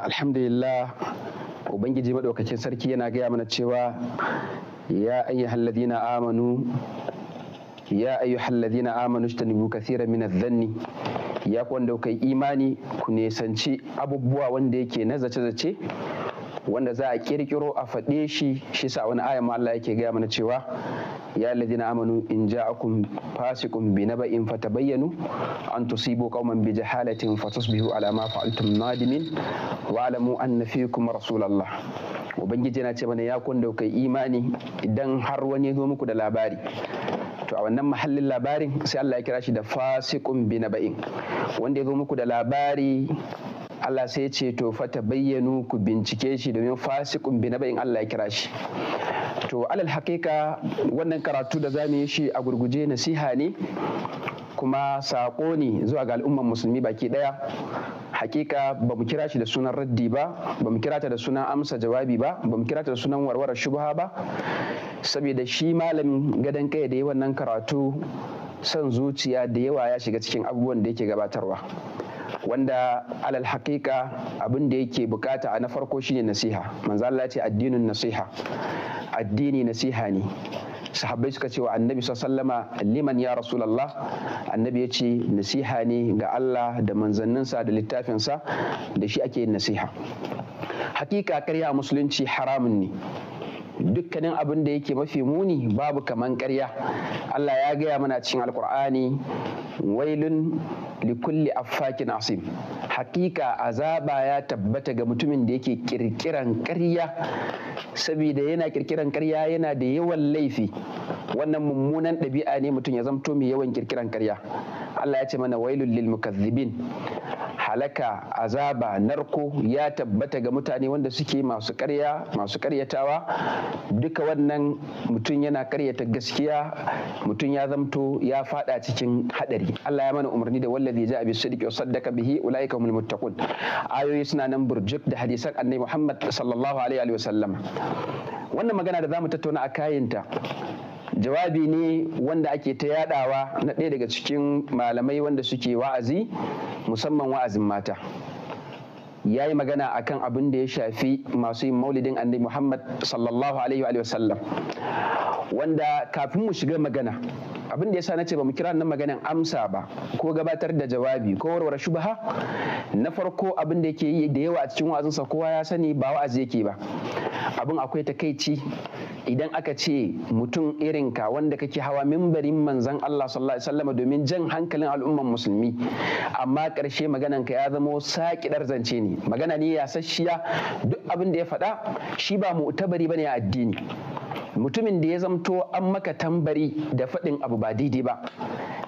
alhamdulillah ubangiji maɗaukacin sarki yana gaya mana cewa ya ayyuhal halladina amanu ya ayyuhal halladina amanu ta nubu min mina zanni ya kwanda kai imani ku nesanci abubuwa wanda yake na zace-zace wanda za a kirkiro a faɗe shi shi sa wani ayan Allah yake gaya mana cewa ya alladhina amanu in ja'akum fasiqun bi naba'in fatabayyanu an tusibu qauman bi jahalatin fatusbihu ala ma fa'altum nadimin wa alamu anna fikum rasulallah ubangiji yana ce mana ya kun kai imani idan har wani ya zo muku da labari to a wannan mahallin labarin sai Allah ya kira shi da fasikun bi naba'in wanda ya zo muku da labari Allah sai ce to fata bayyanu ku bincike shi domin fasikun bi na bayin Allah ya kira shi to alal hakika wannan karatu da zamu yi shi a gurguje nasiha ne kuma saƙo ne zuwa ga al'umman musulmi baki ɗaya hakika ba mu kira shi da sunan raddi ba ba mu kira ta da sunan amsa jawabi ba ba mu kira ta da sunan warware shubha ba saboda shi malamin gadon kai da yi wannan karatu son zuciya da yawa ya shiga cikin abubuwan da yake gabatarwa wanda alal haƙiƙa abin da yake bukata a na farko shine nasiha manzo Allah ce addinin nasiha addini nasiha ne sahabbai suka ce wa annabi sallama liman ya rasulallah annabi ya ce nasiha ne ga Allah da manzanninsa da littafinsa da shi ake yin nasiha hakika karya musulunci haramun ne dukkanin abin da yake mafi muni babu kaman karya. Allah ya gaya mana cikin alkur'ani wailun likulli affakin asim hakika azaba ya tabbata ga mutumin da yake kirkiran karya saboda yana kirkiran karya yana da yawan laifi wannan mummunan ɗabi'a ne mutum ya zamto mai yawan kirkiran karya. Allah ya ce mana Wailun, lil mukazzibin halaka azaba narko ya tabbata ga mutane wanda suke masu karya masu karyatawa duka wannan mutum yana karyata gaskiya mutum ya zamto ya fada cikin hadari Allah ya mana umarni da wallazi ja bi sidqi wa saddaka bihi ulaika humul muttaqun ayoyi suna nan burjuk da hadisan annabi Muhammad sallallahu alaihi wa sallam wannan magana da zamu tattauna a kayinta jawabi ne wanda ake ta yadawa na ɗaya daga cikin malamai wanda suke wa'azi musamman wa'azin mata ya yi magana a kan abin da ya shafi masu yin maulidin annabi muhammad sallallahu alaihi wa sallam wanda kafin mu shiga magana abin da ya sa na ce ba mu kira nan maganan amsa ba ko gabatar da jawabi ko warware shubaha na farko abin da yake yi da yawa a cikin wa'azinsa kowa ya sani ba wa'azi yake ba abin akwai takaici idan aka ce mutum irin ka wanda kake hawa mimbarin manzan Allah sallallahu alaihi wasallam domin jan hankalin al'umman musulmi amma ƙarshe maganan ka ya zama saƙidar zance ne magana ne ya sashiya duk abin da ya faɗa shi ba mu'tabari bane a addini mutumin da ya zamto an maka tambari da faɗin abu ba daidai ba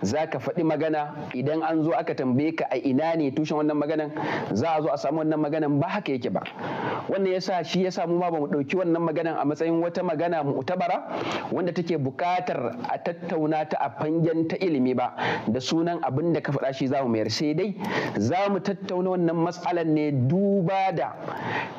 za ka faɗi magana idan an zo aka tambaye ka a ina ne tushen wannan maganan za a zo a samu wannan maganan ba haka yake ba wannan yasa shi yasa mu ma bamu ɗauki wannan maganan a matsayin wata magana mu mu'tabara wanda take buƙatar a tattauna ta a fangen ta ilimi ba da sunan abin da ka faɗa shi za mu mayar sai dai za mu tattauna wannan matsalan ne duba da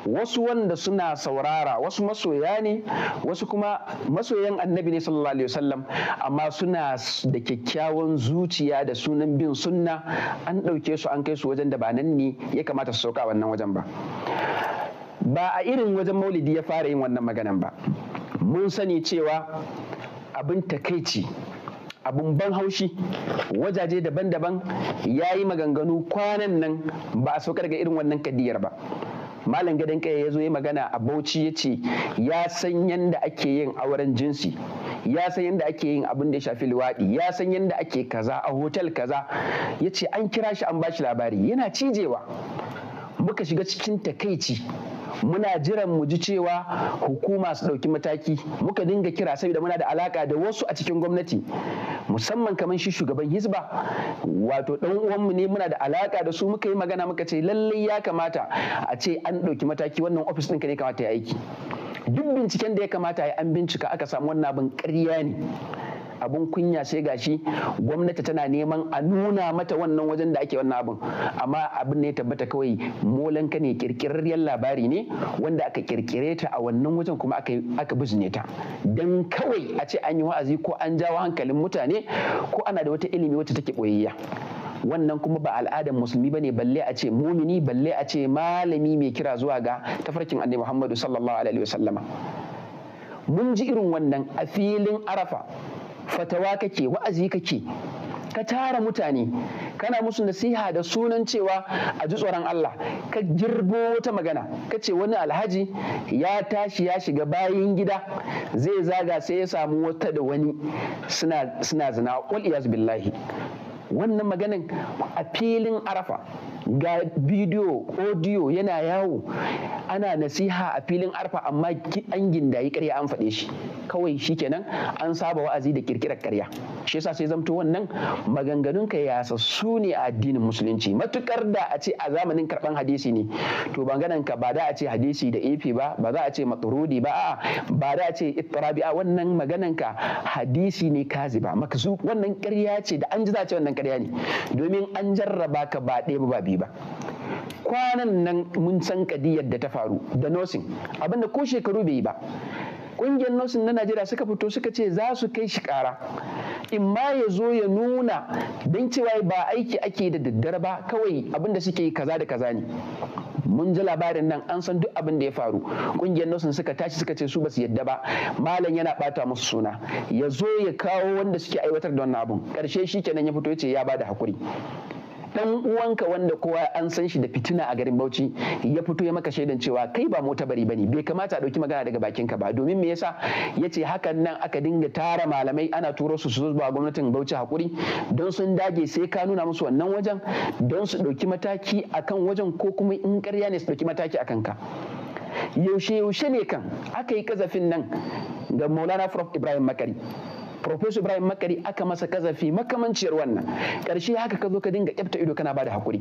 wasu wanda suna saurara wasu masoya ne wasu kuma masoyan annabi ne sallallahu alaihi wasallam amma suna da kyakkyawan zuciya da sunan bin sunna an ɗauke su an kai su wajen da ba nan ne ya kamata su sauka wannan wajen ba ba a irin wajen maulidi ya fara yin wannan maganan ba mun sani cewa abin takaici abin ban haushi wajaje daban-daban ya yi maganganu kwanan nan ba a saukar ga irin wannan kadiyar ba malam gadon kaya ya zo ya magana a bauchi ya ce ya san yadda ake yin auren jinsi ya san yadda ake yin abin da ya shafi luwaɗi ya san yadda ake kaza a hotel kaza ya ce an kira shi an bashi labari yana cijewa muka shiga cikin takaici muna jiran mu ji cewa hukuma su ɗauki mataki muka dinga kira saboda muna da alaka da wasu a cikin gwamnati musamman kamar shi shugaban hizba wato ɗan uwanmu ne muna da alaka da su muka yi magana muka ce lallai ya kamata a ce an ɗauki mataki wannan ofis ka ne kamata ya aiki duk binciken da ya kamata ya an bincika aka samu wannan abin ƙarya ne Abun kunya sai gashi gwamnati tana neman a nuna mata wannan wajen da ake wannan abin amma abin ne tabbata kawai molanka ne kirkirarriyar labari ne wanda aka kirkire ta a wannan wajen kuma aka bizne ta dan kawai a ce an yi wa'azi ko an jawo hankalin mutane ko ana da wata ilimi wacce take boyayya wannan kuma ba al'adar musulmi bane balle a ce mumini balle a ce malami mai kira zuwa ga tafarkin annabi Muhammadu sallallahu alaihi wasallama mun ji irin wannan a filin arafa fatawa kake wa'azi kake ka tara mutane kana musu nasiha da sunan cewa a ji tsoron Allah ka girbo wata magana ka ce wani alhaji ya tashi ya shiga bayan gida zai zaga sai ya samu wata da wani suna zina wal billahi wannan maganin a filin arafa ga bidiyo audio yana yawo ana nasiha a filin arafa amma an gindayi karya an faɗe shi kawai shikenan an saba wa'azi da kirkirar karya shi yasa sai zamto wannan maganganun ka yasa su ne a addinin musulunci matukar da a ce a zamanin karban hadisi ne to maganan ka ba da a ce hadisi da ifi ba ba za a ce maturudi ba a'a ba da a ce ittirabi wannan maganan ka hadisi ne kazi ba makzub wannan karya ce da an ji za a ce wannan karya ne domin an jarraba ka ba ɗaya ba ba biyu ba kwanan nan mun san kadiyar da ta faru da nosin abinda ko shekaru bai yi ba ƙungiyar nosin na najeriya suka fito suka ce za su kai shi kara in ma ya zo ya nuna don cewa ba aiki ake da daddare ba kawai abinda suke kaza da kaza ne mun ji labarin nan an san duk abin da ya faru kungiyar nosin suka tashi suka ce su basu yadda ba malam yana bata musu suna ya zo ya kawo wanda suke aiwatar da wannan abun karshe shi kenan ya fito ya ce ya bada hakuri dan uwanka wanda kowa an san shi da fitina a garin Bauchi ya fito ya maka shaidan cewa kai ba mota bari bane bai kamata a dauki magana daga bakinka ba domin me yasa yace hakan nan aka dinga tara malamai ana turo su su zo ba gwamnatin Bauchi hakuri don sun dage sai ka nuna musu wannan wajen don su ɗauki mataki akan wajen ko kuma in ƙarya ne su ɗauki mataki akan ka yaushe yaushe ne kan aka yi kazafin nan ga Maulana Prof Ibrahim Makari Profesor ibrahim makari aka masa kazafi makamanciyar wannan ƙarshe haka ka zo ka dinga kyafta ido kana bada hakuri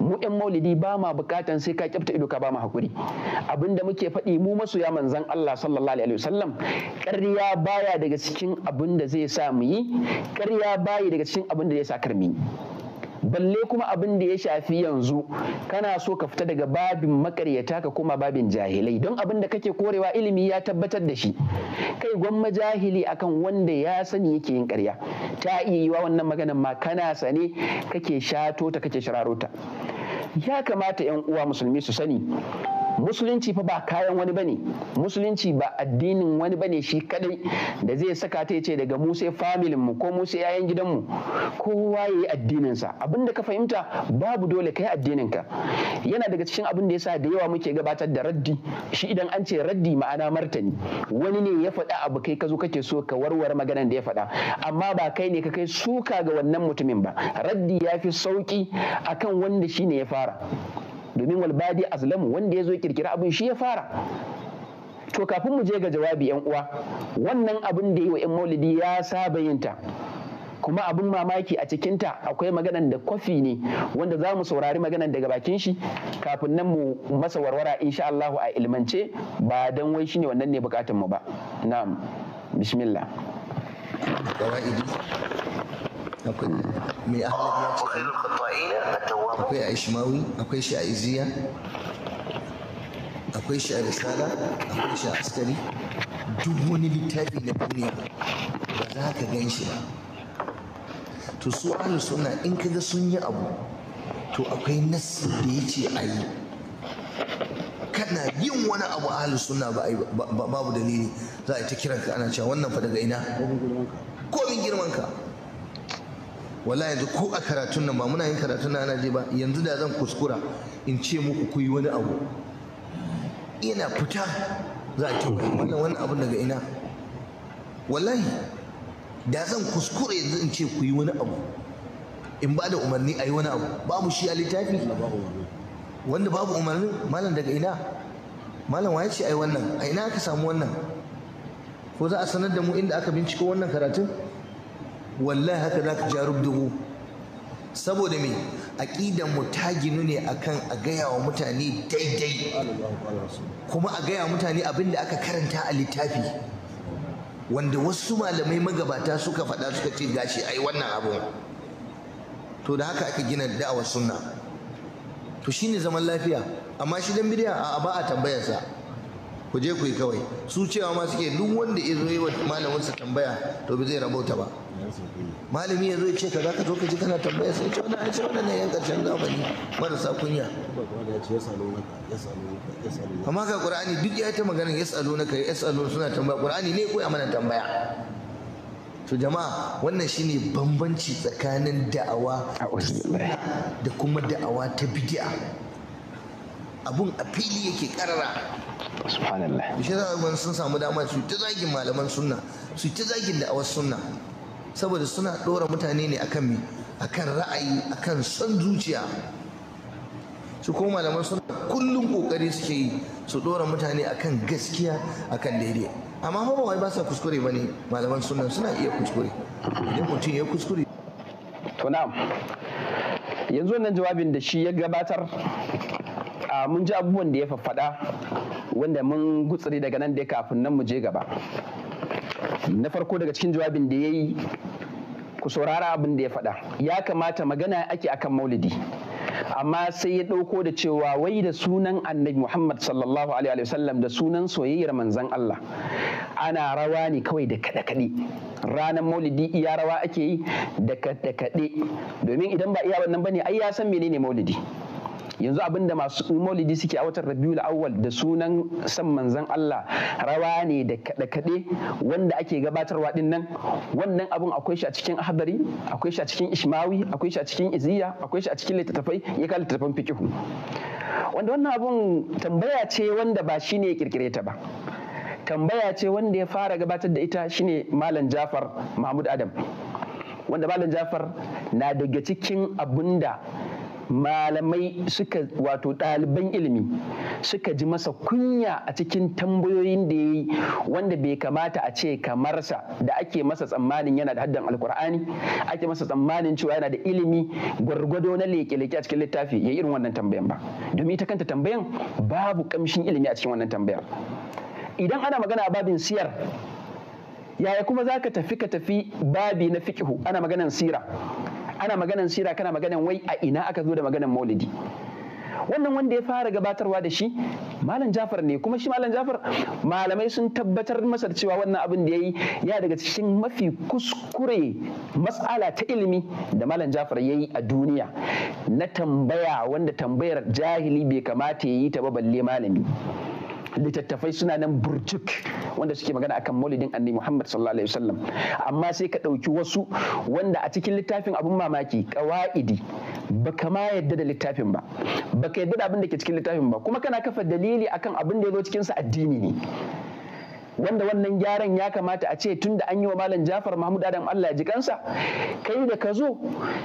mu yan maulidi ba ma bukatan sai ka kyafta ido ka ba mu hakuri abinda muke faɗi mu masoya manzon Allah sallallahu alaihi wasallam ƙarya baya daga cikin abin da zai sa mu yi ƙarya baya daga cikin abin da zai sa karmi. mu balle kuma abin da ya shafi yanzu kana so ka fita daga babin makaryata ka koma babin jahilai don abin da kake korewa ilimi ya tabbatar da shi kai gwamma jahili akan wanda ya sani yake yin karya ta iya wa wannan maganan ma kana sane kake shato ta kake shirarota. ya kamata 'yan uwa musulmi su sani musulunci fa ba kayan wani bane musulunci ba addinin wani bane shi kadai da zai saka ta ce daga mu sai familin mu ko mu sai yayan gidan mu kowa yayi addinin sa abinda ka fahimta babu dole kai addinin ka yana daga cikin abin da yasa da yawa muke gabatar da raddi shi idan an ce raddi ma'ana martani wani ne ya faɗa abu kai ka zo kake so ka warware maganar da ya faɗa amma ba kai ne ka kai suka ga wannan mutumin ba raddi ya fi sauki akan wanda shine ya fara domin walbadi azlamu wanda ya zo kirkira abin shi ya fara to kafin mu je ga jawabi yan uwa wannan abin da yi wa yan maulidi ya saba yinta kuma abin mamaki a cikinta akwai maganan da kwafi ne wanda za mu saurari maganan daga bakin shi kafin nan mu masa warwara insha Allah a ilmance ba dan wai shine wannan ne bukatun mu ba na'am bismillah akwai mai ahalar ya ce akwai a ishmawi akwai shi a iziya akwai shi a risala akwai shi a askari duk wani littafi na duniya ba za ka gan shi ba to su ahlus sunna in kaga sun yi abu to akwai nassi da ya ce a yi kana yin wani abu ahlus sunna ba babu dalili za a yi ta kiranka ana cewa wannan fa daga ina komin girman ka wala yanzu ko a karatun nan ba muna yin karatun nan ana je ba yanzu da zan kuskura in ce muku ku yi wani abu ina fita za a ce wannan wani abu daga ina wallahi da zan kuskura yanzu in ce ku yi wani abu in ba da umarni a yi wani abu Ba mu shi a littafi wanda babu umarni malam daga ina malam waye ce a yi wannan a ina aka samu wannan ko za a sanar da mu inda aka binciko wannan karatun wallahi haka za ka jarub dubu? saboda me aƙidan mu ta ginu ne akan a gaya wa mutane daidai kuma a gaya wa mutane abin da aka karanta a littafi wanda wasu malamai magabata suka faɗa suka ce gashi ai wannan abun to da haka aka gina da'awar sunna to shine zaman lafiya amma shi dan bidiya a ba a tambayarsa ku je ku yi kawai su cewa ma suke duk wanda ya zo yi wa malamin sa tambaya to bi zai rabauta ba malami ya zo ya ce ka za ka zo ka ji kana tambaya sai ce wani a ce wani ne yan karshen zamani marasa kunya amma ga qur'ani duk ya ta maganin ya tsalo na kai ya tsalo suna tambaya qur'ani ne koya mana tambaya to jama'a wannan shine bambanci tsakanin da'awa da kuma da'awa ta bid'a abun a fili yake karara subhanallah shi sun samu dama su ta zagin malaman sunna su ta zagin da'awar sunna saboda suna ɗora mutane ne akan mi akan ra'ayi akan son zuciya su koma malaman suna kullum kokari suke yi su ɗora mutane akan gaskiya akan daidai amma fa wai ba sa kuskure bane malaman sunan suna iya kuskure idan mutum ya kuskure to na'am yanzu wannan jawabin da shi ya gabatar mun ji abubuwan da ya faffada wanda mun gutsire daga nan da kafin nan mu je gaba na farko daga cikin jawabin da ya yi ku saurara abin da ya faɗa ya kamata magana ake akan maulidi amma sai ya ɗauko da cewa wai da sunan annabi muhammad sallallahu alaihi wasallam da sunan soyayyar manzan allah ana rawa ne kawai da kaɗe-kaɗe ranar maulidi iya rawa ake yi da kaɗe-kaɗe domin idan ba iya wannan ba ne, ai ya san menene maulidi yanzu abin da masu maulidi suke a watan rabiul awwal da sunan san manzon Allah rawa ne da kaɗe kaɗe wanda ake gabatarwa din nan wannan abin akwai shi a cikin hadari akwai shi a cikin ishmawi akwai shi a cikin iziya akwai shi a cikin littattafai ya kala littattafan fikihu. wanda wannan abun tambaya ce wanda ba shine ya kirkire ta ba tambaya ce wanda ya fara gabatar da ita shine malam jafar mahmud adam wanda malam jafar na daga cikin abunda malamai suka wato ɗaliban ilimi suka ji masa kunya a cikin tambayoyin da ya yi wanda bai kamata a ce kamarsa da ake masa tsammanin yana da haddan alkur'ani ake masa tsammanin cewa yana da ilimi gwargwado na leke-leke a cikin littafi ya irin wannan tambayan ba domin ita kanta tambayan babu kamshin ilimi a cikin wannan tambayar idan ana magana a babin siyar yaya kuma za ka tafi ka tafi babi na fiƙihu ana maganan sira ana maganan sira kana maganan wai a ina aka zo da maganan maulidi wannan wanda ya fara gabatarwa da shi malam jafar ne kuma shi malam jafar malamai sun tabbatar masa da cewa wannan abin da ya yi ya daga cikin mafi kuskure matsala ta ilimi da malam jafar ya yi a duniya na tambaya wanda tambayar jahili bai kamata ya yi ta ba balle malami littattafai suna nan burcuk wanda suke magana akan maulidin annabi Muhammad sallallahu alaihi wasallam amma sai ka ɗauki wasu wanda a cikin littafin abun mamaki ƙawa'idi baka ma yadda da littafin ba baka yadda da abin da ke cikin littafin ba kuma kana kafa dalili akan abin da ya zo cikin sa addini ne wanda wannan gyaran ya kamata a ce tun da an yi wa malam jafar mahmud adam allah ya ji kansa kai da ka zo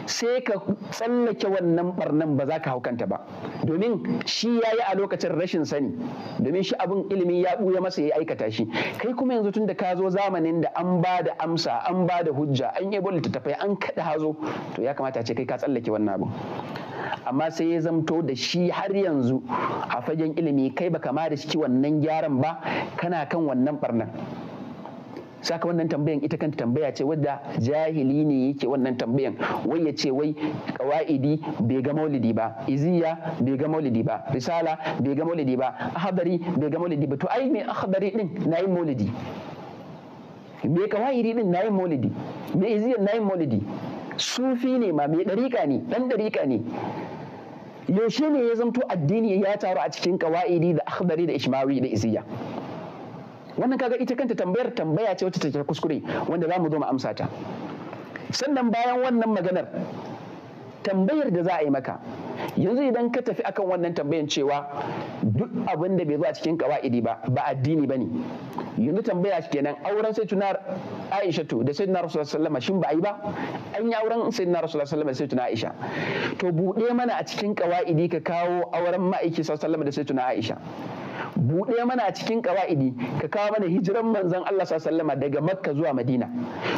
sai ka tsallake wannan barnan ba za ka haukanta ba domin shi ya yi a lokacin rashin sani domin shi abin ilimi ya ɓuya masa ya aikata shi kai kuma yanzu tun da ka zo zamanin da an ba da amsa an ba da hujja an yi tafai, an kaɗa hazo to ya kamata a ce kai ka tsallake wannan abin amma sai ya zamto da shi har yanzu a fagen ilimi kai baka ma da shi wannan gyaran ba kana kan wannan barnan saka wannan tambayan ita kanta tambaya ce wadda jahili ne yake wannan tambayan wai ya ce wai kawaidi bai ga maulidi ba iziya bai ga maulidi ba risala bai ga maulidi ba ahabari bai ga maulidi ba to ai me ahabari din nayi maulidi me kawaidi din nayi maulidi me iziya nayi maulidi sufi ne ma me dariƙa ne dan dariƙa ne yaushe ne ya zamto addini ya taru a cikin kawa'idi da akhbari da ishmawi da isiya wannan kaga ita kanta tambayar tambaya ce wacce take kuskure wanda za mu zo mu amsa ta sannan bayan wannan maganar tambayar da za a yi maka yanzu idan ka tafi akan wannan tambayan cewa duk abin da bai zo a cikin kawa'idi ba ba addini ba ne yanzu tambaya kenan auren sai tunar to da sai rasulullahi sallama shin ba yi ba an yi auren sai rasulullahi sallama da sai tunar aisha to buɗe mana a cikin kawa'idi ka kawo auren ma'aiki sallama da sai tunar aisha buɗe mana a cikin ƙawa'idi ka kawo mana hijiran manzon Allah sallama daga Makka zuwa Madina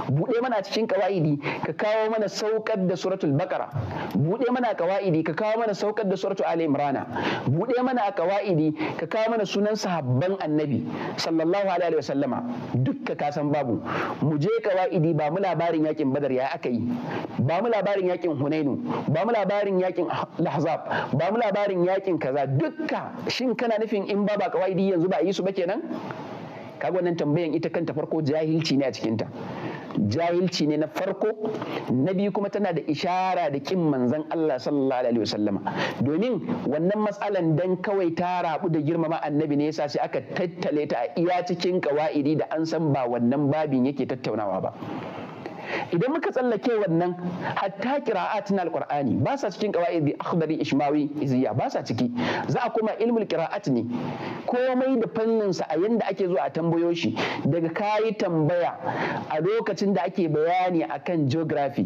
buɗe mana a cikin ƙawa'idi ka kawo mana saukar da suratul Baqara buɗe mana a ƙawa'idi ka kawo mana saukar da suratul Ali Imran buɗe mana a ƙawa'idi ka kawo mana sunan sahabban Annabi sallallahu alaihi wa sallama dukka ka san babu mu je ƙawa'idi ba mu labarin yakin Badar ya aka yi ba mu labarin yakin Hunainu ba mu labarin yakin Lahzab ba mu labarin yakin kaza dukka shin kana nufin in ba ba qawaidi yanzu ba yi su ba kenan kaga wannan tambayan ita kanta farko jahilci ne a cikinta jahilci ne na farko na biyu kuma tana da ishara da kin manzan Allah sallallahu alaihi wasallama domin wannan matsalan dan kawai ta rabu da girmama annabi ne yasa sai aka tattale ta a iya cikin kawa'idi da an san ba wannan babin yake tattaunawa ba idan muka tsallake wannan hatta qira'at na alqur'ani ba sa cikin qawaid akhdari ishmawi iziya ba sa ciki za a koma ilmul qira'at ne komai da fannin sa a yanda ake zuwa a tambayo shi daga kayi tambaya a lokacin da ake bayani akan geography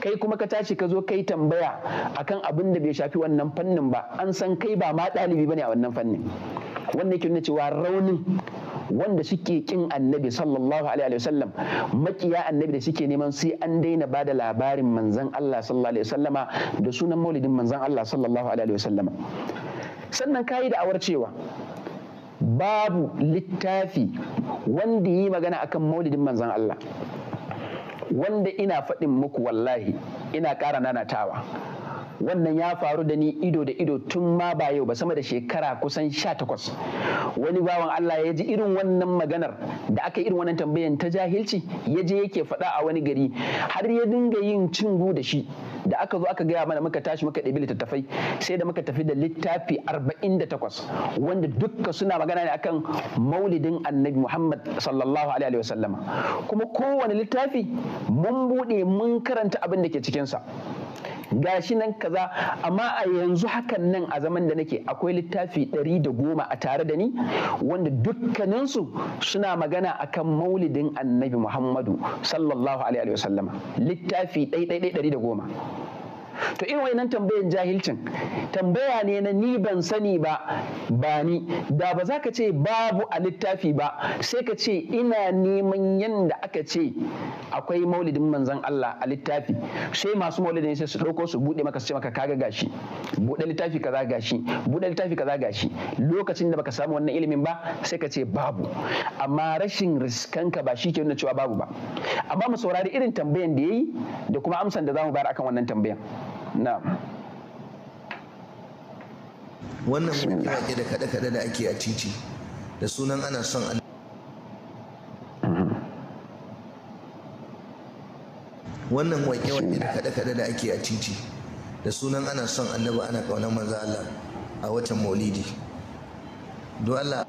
kai kuma ka tashi ka zo kai tambaya akan abin da bai shafi wannan fannin ba an san kai ba ma ɗalibi bane a wannan fannin wannan yake nuna cewa raunin wanda suke kin annabi sallallahu alaihi wasallam makiya annabi da suke neman sai an daina bada labarin manzan Allah sallallahu alaihi wasallama da sunan maulidin manzan Allah sallallahu alaihi wasallama sannan kayi awar cewa babu littafi wanda yi magana akan maulidin manzan Allah wanda ina faɗin muku wallahi ina ƙara nanatawa wannan ya faru da ni ido da ido tun ma ba yau ba sama da shekara kusan sha takwas wani bawan Allah ya ji irin wannan maganar da aka irin wannan tambayan ta jahilci ya je yake faɗa a wani gari har ya dinga yin cingu da shi da aka zo aka gaya mana muka tashi muka ɗabi littattafai sai da muka tafi da littafi arba'in da takwas wanda dukka suna magana ne akan maulidin annabi Muhammad sallallahu alaihi sallama kuma kowane littafi mun buɗe mun karanta abin da ke cikinsa gashi nan kaza amma a yanzu hakan nan a zaman da nake akwai littafi ɗari da goma a tare da ni wanda dukkaninsu suna magana akan maulidin annabi muhammadu sallallahu alaihi wasallama littafi ɗai ɗai ɗari da goma to irin wayannan tambayan jahilcin tambaya ne na ni ban sani ba ba ni da ba za ka ce babu a littafi ba sai ka ce ina neman yanda aka ce akwai maulidin manzon Allah a littafi sai masu maulidin sai su dauko su buɗe maka su ce maka kaga gashi buɗe littafi kaza gashi buɗe littafi kaza gashi lokacin da baka samu wannan ilimin ba sai ka ce babu amma rashin riskanka ba shi ke nuna cewa babu ba amma mu saurari irin tambayan da yayi da kuma amsan da zamu bayar akan wannan tambayan na'am wannan ke da kaɗe-kaɗe da ake a titi da sunan ana son Allah mhm. wannan waƙe-waƙe da kaɗe-kaɗe da ake a titi da sunan ana son annabi ana ƙaunar manzo Allah a watan maulidi don Allah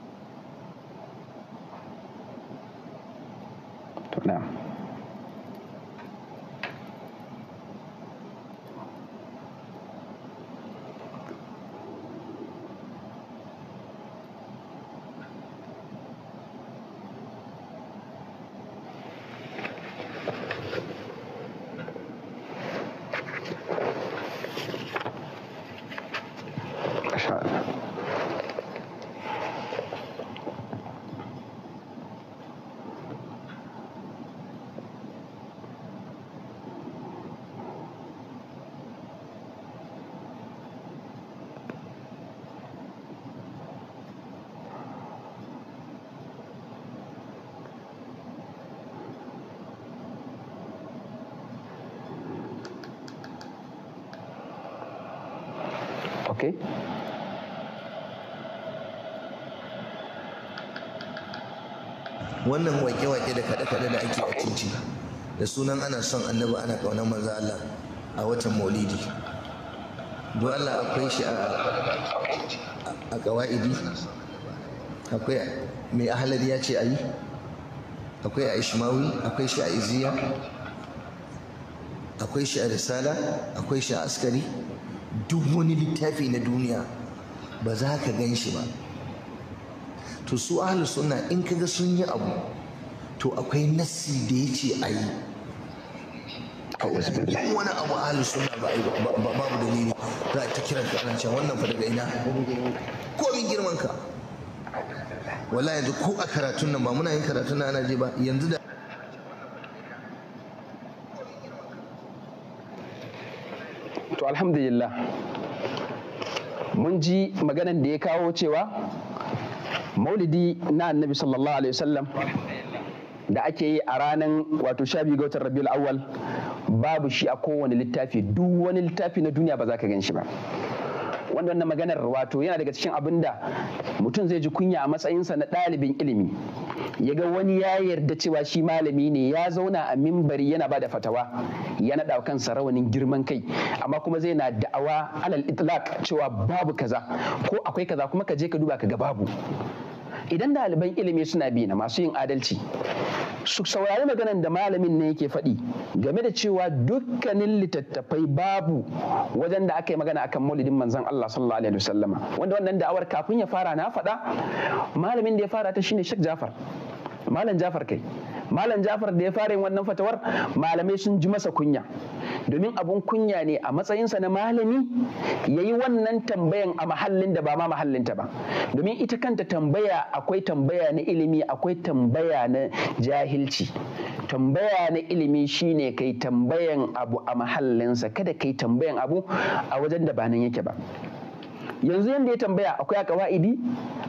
shut. wannan wake-wake da kaɗe-kaɗe da ake a titi da sunan ana son annabi ana ƙaunar manzo Allah a watan maulidi don Allah akwai shi a ƙawa'idi akwai mai ahalar ya ce a yi akwai a ishmawi akwai shi a iziya akwai shi a risala akwai shi a askari duk wani littafi na duniya ba za ka gan shi ba to su ahli sunna in kaga sun yi abu to akwai nassi da ya ce a yi wani abu ahli sunna ba a yi babu dalili za a ta kira ka ana wannan fa daga ina komin girman ka wala yanzu ko a karatun nan ba muna yin karatun nan ana je ba yanzu da to alhamdulillah mun ji maganan da ya kawo cewa maulidi na annabi sallallahu alaihi wasallam da ake yi a ranar wato sha biyu ga watan rabiul awwal babu shi a kowane littafi duk wani littafi na duniya ba za ka gan shi ba wanda wannan maganar wato yana daga cikin abin da mutum zai ji kunya a matsayinsa na ɗalibin ilimi ya ga wani ya yarda cewa shi malami ne ya zauna a mimbari yana ba da fatawa ya naɗa kan rawanin girman kai amma kuma zai na da'awa alal itlaq cewa babu kaza ko akwai kaza kuma ka je ka duba ka ga babu idan ɗaliban ilimi suna bi na masu yin adalci su saurari maganan da malamin ne yake faɗi game da cewa dukkanin littattafai babu wajen da aka yi magana akan maulidin manzon Allah sallallahu alaihi wasallama wanda wannan da'awar kafin ya fara na faɗa malamin da ya fara ta shine Sheikh Jafar malam jafar kai malam jafar da ya fara yin wannan fatawar malamai sun ji masa kunya domin abun kunya ne a matsayinsa na malami ya yi wannan tambayan a mahallin da ba ma ta ba domin ita kanta tambaya akwai tambaya na ilimi akwai tambaya na jahilci tambaya na ilimi shine kai tambayan abu a mahallinsa kada kai tambayan abu a wajen da ba nan yake ba yanzu yanda ya tambaya akwai a qawaidi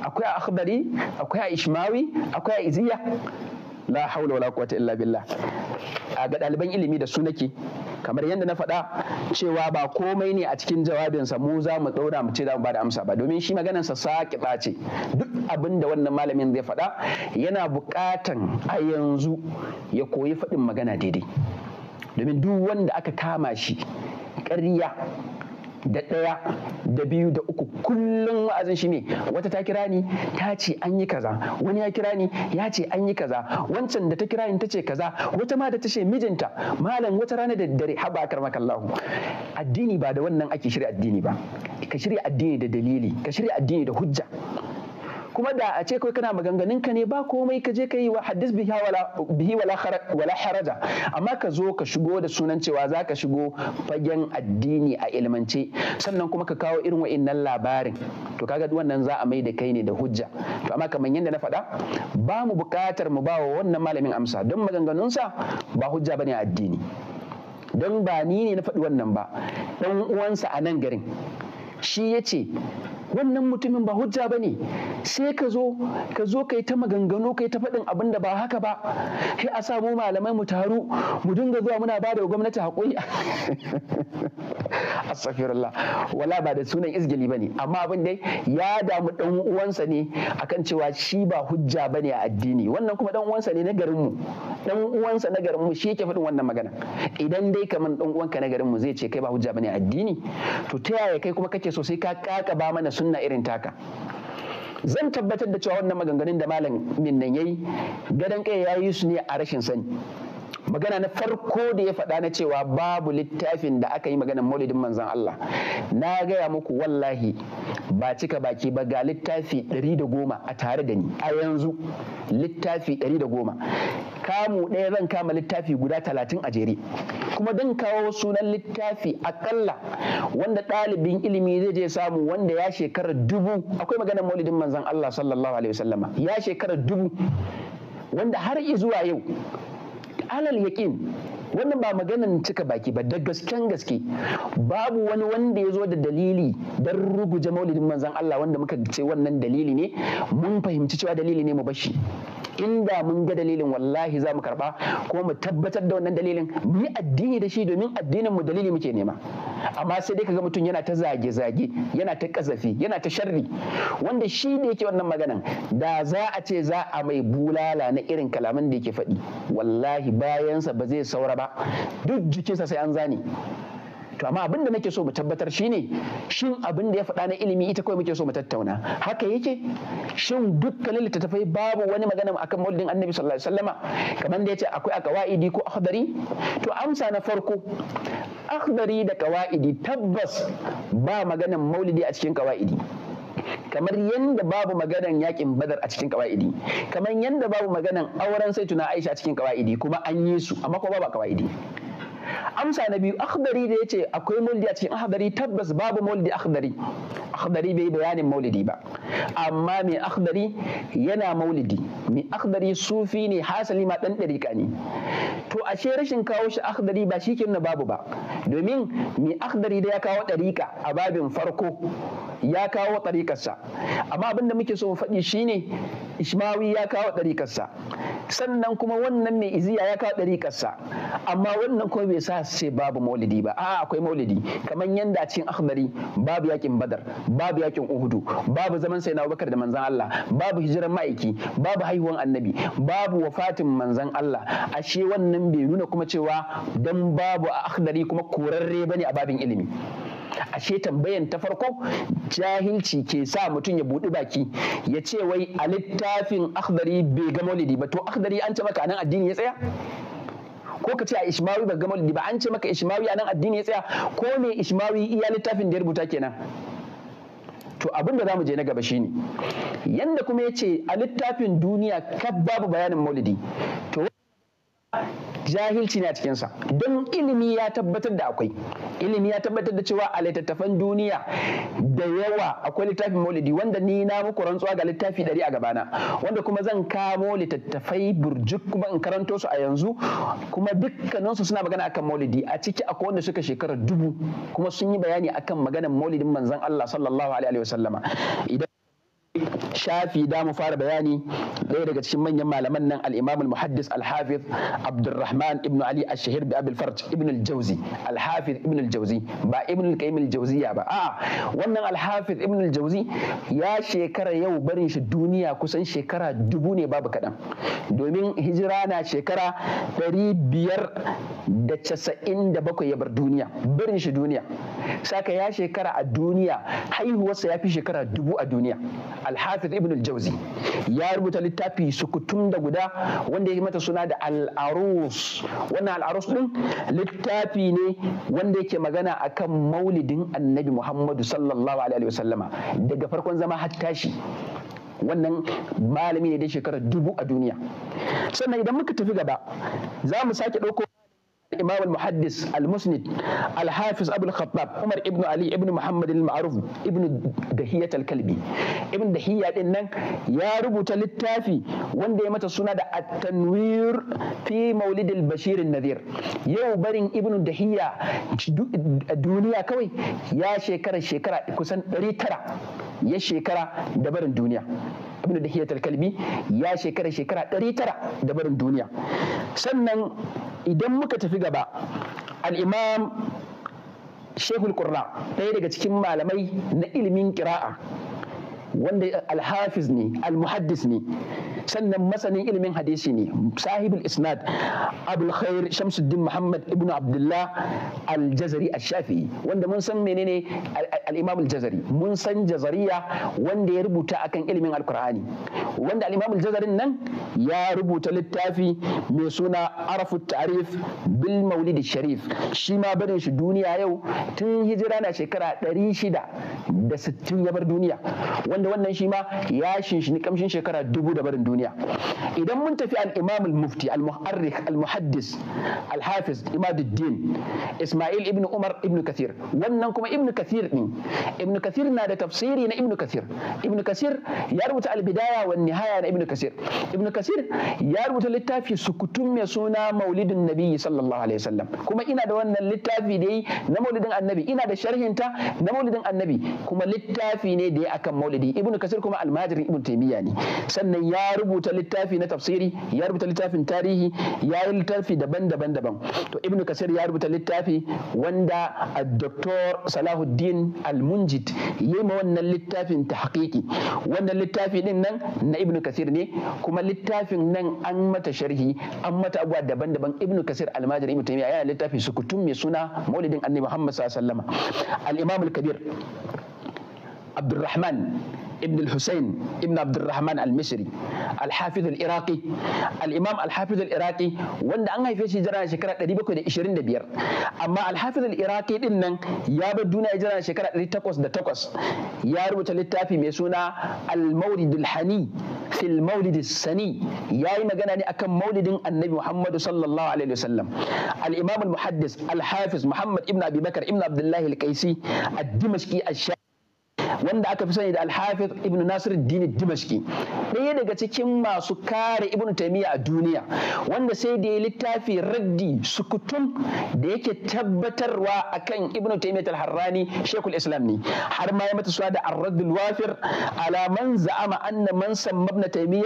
akwai a akhbari akwai a ishmawi akwai a iziya la haula wala quwwata illa billah a ga ɗaliban ilimi da su nake kamar yadda na faɗa cewa ba komai ne a cikin jawabinsa mu za mu ɗaura mu ce za mu ba da amsa ba domin shi maganarsa saƙiɗa ce duk abin da wannan malamin zai faɗa yana buƙatan a yanzu ya koyi faɗin magana daidai domin duk wanda aka kama shi ƙarya da ɗaya da biyu da uku kullum wa'azin shi ne wata ta kira ni ta ce an yi kaza wani ya kira ni ya ce an yi kaza wancan da ta kira ni ta ce kaza wata ma da ta ce mijinta malam wata rana da dare haba karmakallahu addini ba da wannan ake shirya addini ba ka shirya addini da dalili ka shirya addini da hujja kuma da a ce kai kana maganganun ka ne ba komai ka je ka yi wa hadis bihi wala wala haraja amma ka zo ka shigo da sunan cewa za ka shigo fagen addini a ilmance sannan kuma ka kawo irin wa'innan labarin to kaga wannan za a mai da kai ne da hujja to amma kamar yadda na faɗa ba mu buƙatar mu ba wa wannan malamin amsa don maganganunsa ba hujja bane a addini don ba ni ne na faɗi wannan ba ɗan uwansa a nan garin shi ya ce wannan mutumin ba hujja ba ne sai ka zo ka zo ka yi ta maganganu ka yi ta faɗin abin da ba haka ba sai a samu malamai mu taru mu dinga zuwa muna ba da gwamnati haƙuri astaghfirullah wala ba da sunan izgili ba ne amma abin dai ya damu ɗan uwansa ne akan cewa shi ba hujja ba a addini wannan kuma ɗan uwansa ne na mu ɗan uwansa na mu shi yake faɗin wannan magana idan dai kamar ɗan uwanka na mu zai ce kai ba hujja ba a addini to ta yaya kai kuma kake so sai ka kaka ba mana sunan sunna irin taka zan tabbatar da cewa wannan maganganun da malamin nan yayi gadon kai yayi su ne a rashin sani magana na farko da ya faɗa na cewa babu littafin da aka yi maganar maulidin manzan Allah na gaya muku wallahi ba cika baki ba ga littafi da goma a tare da ni a yanzu littafi da goma kamu ɗaya zan kama littafi guda talatin a jere kuma dan kawo sunan littafi akalla wanda ɗalibin ilimi zai je samu wanda ya shekara dubu akwai maganar maulidin manzan Allah sallallahu alaihi wasallama ya shekara dubu wanda har zuwa yau alal yaƙin wannan ba maganan cika baki ba da gasken gaske babu wani wanda ya zo da dalili don ruguje maulidin manzan Allah wanda muka ce wannan dalili ne mun fahimci cewa dalili ne mu bashi inda mun ga dalilin wallahi za mu karba kuma mu tabbatar da wannan dalilin mu addini da shi domin addinin mu dalili muke nema amma sai dai kaga mutum yana ta zage-zage yana ta kazafi yana ta sharri wanda shi ne yake wannan maganan da za a ce za a mai bulala na irin kalaman da yake faɗi wallahi bayansa ba zai saura ba duk jikinsa sai an zane to amma abin da nake so mu tabbatar shine shin abin da ya faɗa na ilimi ita kawai muke so mu tattauna haka yake shin dukkanin littattafai babu wani magana akan maulidin annabi sallallahu alaihi wasallama kamar da yace akwai akawaidi ko akhdari to amsa na farko akhdari da kawaidi tabbas ba maganan maulidi a cikin kawaidi kamar yadda babu maganan yakin badar a cikin kawaidi kamar yadda babu maganan auren sai tuna aisha a cikin kawaidi kuma an yi su amma kuma babu kawaidi amsa na biyu akhdari da yace akwai maulidi a cikin akhdari tabbas babu maulidi akhdari akhdari bai bayanin maulidi ba amma mai akhdari yana maulidi mai akhdari sufi ne hasali ma dan dariƙa ne to ashe rashin kawo shi akhdari ba shi na babu ba domin mai akhdari da ya kawo dariƙa a babin farko ya kawo ɗarikarsa amma abinda muke so mu faɗi shine ishmawi ya kawo ɗarikarsa sannan kuma wannan mai iziya ya kawo ɗarikarsa amma wannan kuma bai sa su ce babu maulidi ba a akwai maulidi kamar yanda a cikin akhbari babu yakin badar babu yakin uhudu babu zaman sai abubakar da manzan Allah babu hijiran ma'aiki babu haihuwan annabi babu wafatin manzan Allah ashe wannan bai nuna kuma cewa dan babu a akhdari kuma korarre bane a babin ilimi ashe tambayan ta farko jahilci ke sa mutum ya buɗe baki ya ce wai a littafin akhdari bai ga maulidi ba to akhdari an ce maka nan addini ya tsaya ko ka ce a ishmawi ba ga ba an ce maka ishmawi anan addini ya tsaya ko me ishmawi iya littafin da ya rubuta kenan to abin da mu je na gaba shine yanda kuma ya ce a littafin duniya kaf babu bayanin maulidi to jahilci ne a cikinsa don ilimi ya tabbatar da akwai ilimi ya tabbatar da cewa a littattafan duniya da yawa akwai littafin maulidi wanda ni na muku rantsuwa ga littafi dari a gabana wanda kuma zan kamo littattafai burjuk kuma in karanto su a yanzu kuma dukkaninsu suna magana akan maulidi a ciki akwai wanda suka shekarar dubu kuma sun yi bayani akan maganar maulidin manzon Allah sallallahu alaihi wa idan shafi da mu fara bayani ɗaya daga cikin manyan malaman nan al-Imam al-Muhaddis al-Hafiz Abdurrahman ibn Ali ash-Shahir bi Abi al-Farj ibn al-Jawzi al-Hafiz ibn al-Jawzi ba ibn al-Qayyim al jawziya ba a'a wannan al-Hafiz ibn al-Jawzi ya shekara yau barin shi duniya kusan shekara dubu ne babu kaɗan domin hijira na shekara ɗari biyar da casa'in da bakwai ya bar duniya barin shi duniya saka ya shekara a duniya haihuwarsa ya fi shekara dubu a duniya alhafiz ibn al-jauzi ya rubuta littafi sukutum da guda wanda ya mata suna da al-arus wannan al-arus din littafi ne wanda yake magana akan maulidin annabi muhammadu sallallahu alaihi wasallama daga farkon zama har tashi wannan malami ne da shekarar dubu a duniya sannan idan muka tafi gaba za mu sake ɗauko imam al-muhaddis al-musnid al-hafiz abul umar Ibnu ali ibn muhammad al-ma'ruf ibn dahiyat al-kalbi ibn dahiya ɗin nan ya rubuta littafi wanda ya mata suna da at-tanwir fi maulid al-bashir yau barin ibn dahiya duniya kawai ya shekara shekara kusan 900 ya shekara da barin duniya da hiyatar kalbi ya shekara shekara ɗari tara da barin duniya sannan idan muka tafi gaba al-imam shehul qurra ɗaya daga cikin malamai na ilimin ƙira'a, wanda alhafiz ne Almuhaddis ne sannan masanin ilimin hadisi ne sahibul isnad abul khair shamsuddin muhammad ibnu abdullah al-jazari al-shafi'i wanda mun san menene al-imam al-jazari mun san jazariya wanda ya rubuta akan ilimin alkur'ani wanda al-imam al-jazarin nan ya rubuta littafi mai suna arafu tarif bil maulidi sharif shi ma barin shi duniya yau tun hijira na shekara 660 ya bar duniya wanda wannan shi ma ya shinshi ni kamshin shekara dubu da barin duniya duniya idan mun tafi al imam al mufti al muharrik al muhaddis al hafiz imaduddin isma'il ibn umar ibn kathir wannan kuma ibn kathir din ibn kathir na da tafsiri na ibn kathir ibn kathir ya rubuta al bidaya wan nihaya na ibn kathir ibn kathir ya rubuta littafi sukutun mai suna maulidin nabi sallallahu alaihi wasallam kuma ina da wannan littafi da yi na maulidin annabi ina da sharhinta na maulidin annabi kuma littafi ne da ya akan maulidi ibn kathir kuma almajirin ibn taymiya ne sannan ya rubuta littafi na tafsiri ya rubuta littafin tarihi ya yi littafi daban-daban daban to ibnu kasir ya rubuta littafi wanda a doktor salahuddin almunjid ya ma wannan littafin ta haƙiƙi wannan littafi din nan na ibnu kasir ne kuma littafin nan an mata sharhi an mata abuwa daban-daban ibnu kasir almajiri ibnu taymiya yana littafi sukutun mai suna maulidin annabi muhammad sallallahu alaihi wasallam al-imam al-kabir abdurrahman ibn al ibn Abdurrahman al-Misri al-Hafiz al-Iraqi al-Imam al al-Iraqi wanda an haife shi jira shekara 725 amma al-Hafiz al-Iraqi din nan ya bar duniya jira shekara 808 ya rubuta littafi mai suna al-Mawlid hani fil Mawlid as-Sani yayi magana ne akan maulidin Annabi Muhammad sallallahu alaihi wasallam al-Imam muhaddis al Muhammad ibn Abibakar ibn Abdullahi al-Qaisi ad-Dimashqi ash wanda aka fi sani da alhafiz ibnu nasir din dimashki ɗaya daga cikin masu kare ibnu taimiyya a duniya wanda sai da ya littafi raddi sukutum da yake tabbatarwa akan ibnu taimiyya al-harrani shekul islam ne har ma ya mata suwa da arraddul wafir ala man za'ama anna man samma ibnu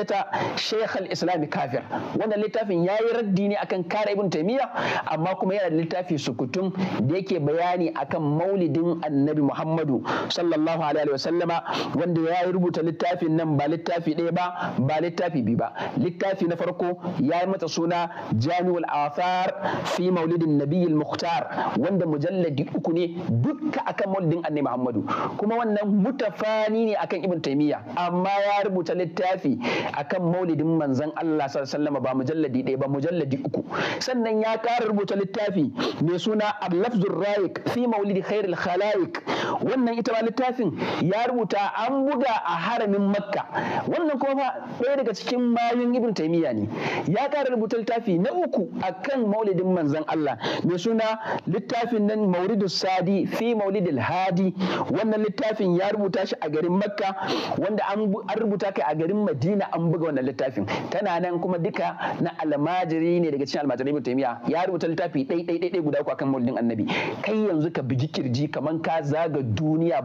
islam kafir wannan littafin yayi raddi ne akan kare ibnu taimiyya amma kuma yana da littafi sukutum da yake bayani akan maulidin annabi muhammadu sallallahu alaihi wasallama wanda ya yi rubuta littafin nan ba littafi ɗaya ba ba littafi biyu ba littafi na farko ya yi mata suna jami'ul afar fi maulidin nabiyil muhtar wanda mujalladi uku ne dukka akan maulidin annabi muhammadu kuma wannan mutafani ne akan ibn taymiya amma ya rubuta littafi akan maulidin manzon Allah sallallahu alaihi ba mujalladi ɗaya ba mujalladi uku sannan ya ƙara rubuta littafi mai suna al-lafzur rayiq fi maulidi khairil khalaiq wannan ita ba littafin ya rubuta an buga a haramin makka wannan kuma fa ɗaya daga cikin bayan ibn taimiyya ne ya ƙara rubuta littafi na uku akan maulidin manzon Allah mai suna littafin nan mauridu sadi fi maulidil hadi wannan littafin ya rubuta shi a garin makka wanda an rubuta kai a garin madina an buga wannan littafin tana nan kuma duka na almajiri ne daga cikin almajirai ibn taimiyya ya rubuta littafi ɗai ɗai ɗai guda uku akan maulidin annabi kai yanzu ka bigi kirji kamar ka zaga duniya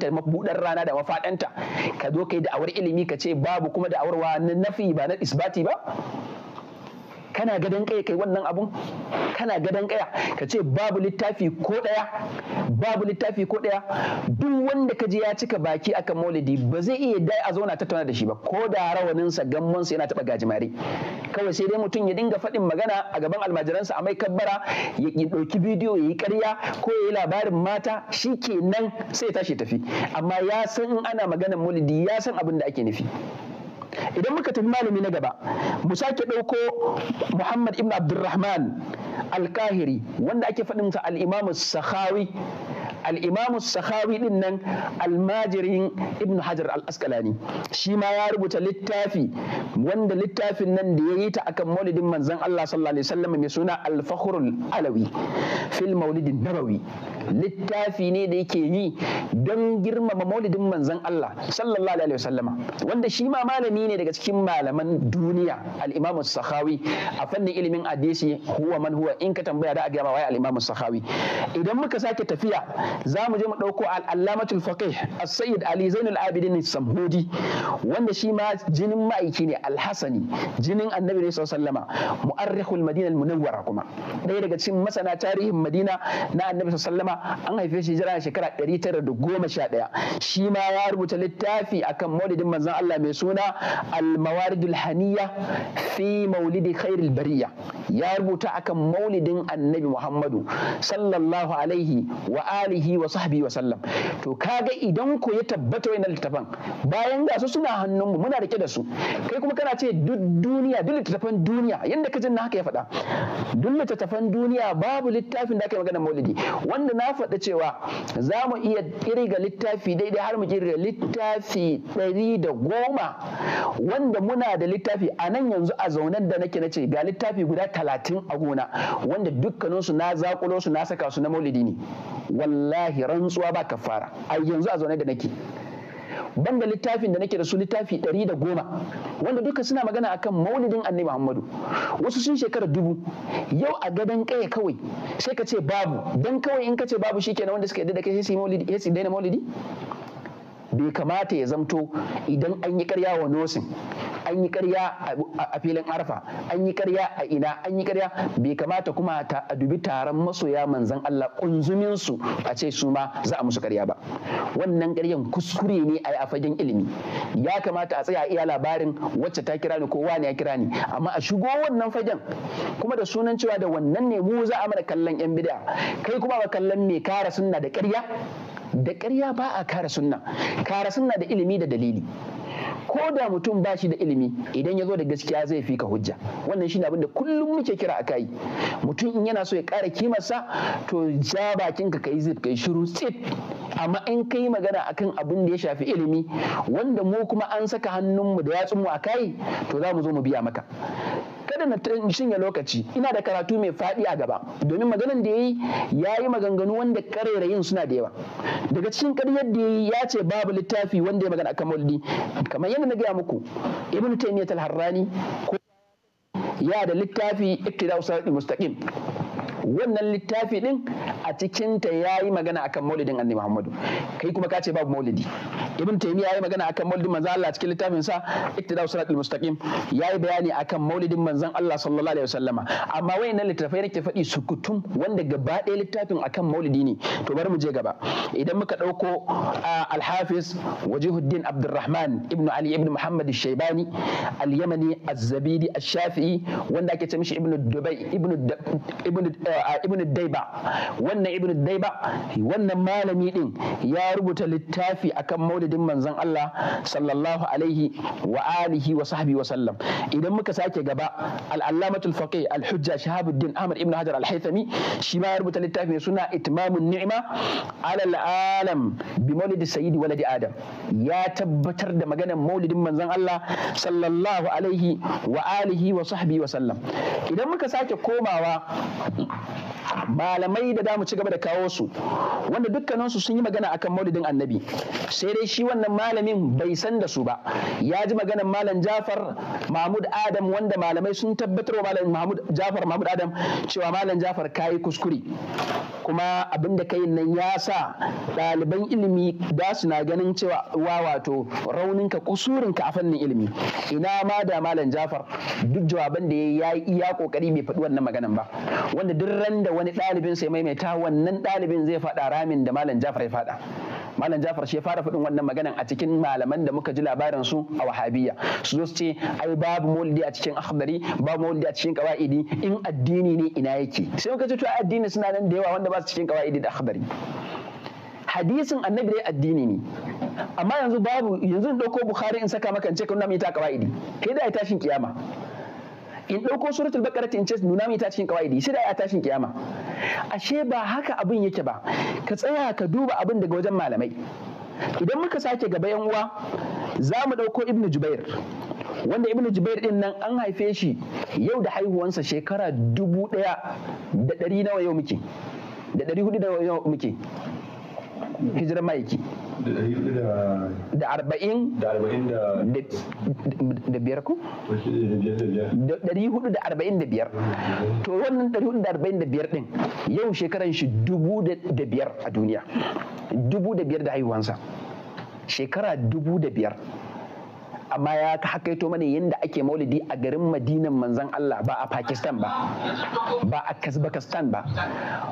ta. da mabudar rana da mafaɗanta ka zo kai da'awar ilimi ka ce babu kuma da'awarwa na nafi ba na isbati ba kana gadon kai kai wannan abun kana gadon kaya ka ce babu littafi ko ɗaya babu littafi ko ɗaya duk wanda ka je ya cika baki akan maulidi ba zai iya dai a zauna tattauna da shi ba ko da rawanin sa gamman sa yana taɓa gajimare kawai sai dai mutum ya dinga faɗin magana a gaban almajiran sa a mai kabbara ya ɗauki bidiyo ya yi ƙarya ko ya yi labarin mata shi kenan sai ya tashi tafi amma ya san in ana maganar maulidi ya san abin da ake nufi idan muka tafi malami na gaba mu sake ɗauko muhammad ibn abdurrahman alkahiri wanda ake faɗin sa al-imam sakhawi al-imam sakhawi din nan almajirin ibn hajar al-asqalani shi ma ya rubuta littafi wanda littafin nan da ya yi ta akan maulidin manzon Allah sallallahu alaihi wasallam mai suna al-fakhrul alawi fil maulidin nabawi littafi ne da yake yi don girmama maulidin manzon Allah sallallahu alaihi wasallam wanda shi ma malami malami ne daga cikin malaman duniya al-Imam sakhawi a fannin ilimin hadisi huwa man huwa in ka tambaya da a gaya al-Imam sakhawi idan muka sake tafiya za mu je mu dauko al-Allamatul Faqih As-Sayyid Ali Zainul Abidin Samhudi wanda shi ma jinin ma'aiki ne al-Hasani jinin Annabi alaihi sallama mu'arrikhul Madina al-Munawwara kuma Daya daga cikin masana tarihin Madina na Annabi sallama an haife shi a shekara 911 shi ma ya rubuta littafi akan maulidin manzon Allah mai suna الموارد الهنية في مولد خير البرية ya rubuta akan maulidin annabi muhammadu sallallahu alaihi wa alihi wa sahbihi wa sallam to kaga idan ku ya tabbata wannan littafan bayan ga su suna mu muna rike da su kai kuma kana ce duk duniya duk littattafan duniya yanda ka jin na haka ya faɗa duk littattafan duniya babu littafin da aka yi magana maulidi wanda na faɗa cewa za mu iya kirga littafi daidai har mu kirga littafi ɗari da goma wanda muna da littafi a nan yanzu a zaunen da nake na ce ga littafi guda talatin a gona wanda dukkaninsu na zakulo su na saka su na maulidi ne wallahi rantsuwa ba ka fara a yanzu a zaune da nake banda littafin da nake da su littafi ɗari da goma wanda duka suna magana akan maulidin annabi muhammadu wasu sun shekara dubu yau a gadon ƙaya kawai sai ka ce babu dan kawai in ka ce babu shi kenan wanda suka yadda da kai sai maulidi sai daina maulidi bai kamata ya zamto idan an yi karya wa nosin an yi karya a filin arfa an yi karya a ina an yi karya bai kamata kuma a dubi taron masoya manzan Allah kunzumin su a ce su ma za a musu karya ba wannan karyan kuskure ne a a fagen ilimi ya kamata a tsaya iya labarin wacce ta kira ni ko wani ya kira ni amma a shigo wannan fagen kuma da sunan cewa da wannan ne mu za a mana kallon yan bid'a kai kuma ba kallon me kara sunna da karya da karya ba a kara sunna kara sunna da ilimi da dalili ko da mutum ba shi da ilimi idan ya zo da gaskiya zai fi ka hujja wannan ne abin da kullum muke kira a kai mutum in yana so ya ƙara kimarsa to ja bakin ka kai zip kai shiru tsit amma in kai magana akan abin da ya shafi ilimi wanda mu kuma an saka hannunmu da yatsunmu a kai to za mu zo mu biya maka kada na shirya lokaci ina da karatu mai faɗi a gaba domin maganan da ya yi ya yi maganganu wanda karerayin suna da yawa daga cikin karyar da ya yi ya ce babu littafi wanda ya magana akan maulidi kamar yadda na gaya muku ibnu taymiyyah al-harrani ko ya da littafi iktida'u siratal mustaqim wannan littafi din a cikin ta yayi magana akan maulidin annabi Muhammadu kai kuma ka ce babu maulidi ibn taymiya yayi magana akan maulidin manzon Allah cikin littafin sa iktidau siratul mustaqim yayi bayani akan maulidin manzon Allah sallallahu alaihi wasallama amma wayannan littafai nake faɗi su kutum wanda gaba ɗaya littafin akan maulidi ne to bari mu je gaba idan muka ɗauko alhafiz wajihuddin abdurrahman ibn ali ibn muhammad shaibani al-yamani az-zabidi ash-shafi'i wanda ake ce mishi ibn dubai ibn ibnu daiba wannan Ibn daiba wannan malami din ya rubuta littafi akan maulidin manzon Allah sallallahu alaihi wa alihi wa sahbihi wa sallam idan muka sake gaba al-allamatul faqih al-hujja shahabuddin ahmad ibnu hajar al-haythami shi ma ya rubuta littafi mai suna itmamun ni'ima alal alam bi maulidi sayyidi waladi adam ya tabbatar da maganar maulidin manzon Allah sallallahu alaihi wa alihi wa sahbihi wa sallam idan muka sake komawa malamai da damu ci gaba da kawo su wanda dukkaninsu sun yi magana akan maulidin annabi sai dai shi wannan malamin bai san da su ba ya ji maganar malam jafar mahmud adam wanda malamai sun tabbatar wa malam mahmud jafar mahmud adam cewa malam jafar kayi kuskure kuma abin da kai nan ya sa ɗaliban ilimi da su na ganin cewa wa wato rauninka kusurinka a fannin ilimi ina ma da malam jafar duk jawaban da ya yi iya kokari bai faɗi wannan maganan ba wanda duk ran da wani ɗalibin sai maimaita wannan ɗalibin zai faɗa ramin da malam jafar ya faɗa malam jafar shi ya fara faɗin wannan maganan a cikin malaman da muka ji labarin su a wahabiyya su zo su ce ai babu maulidi a cikin akhdari babu maulidi a cikin qawaidi in addini ne ina yake sai muka ce to addini suna nan da yawa wanda ba su cikin qawaidi da akhdari hadisin annabi dai addini ne amma yanzu babu yanzu in dauko bukhari in saka maka in ce kun na mai ta qawaidi kai da ai tashin kiyama in ɗauko suratul baqara in ce nuna mai ta cikin kawaidi sai da ya tashin kiyama ashe ba haka abin yake ba ka tsaya ka duba abin daga wajen malamai idan muka sake gaba yan uwa za mu ɗauko ibnu jubair wanda ibnu jubair din nan an haife shi yau da haihuwansa shekara dubu ɗaya da ɗari nawa yau muke da ɗari hudu da muke hijirar ki da arba'in da biyar ku? dari hudu da arba'in da biyar to wannan dari hudu da arba'in da biyar din yau shekaran shi dubu da biyar a duniya dubu da biyar da haihuwansa shekara dubu da biyar amma ya hakaito mana yadda ake maulidi a garin madinan manzan Allah ba a Pakistan ba ba a Kazbakistan ba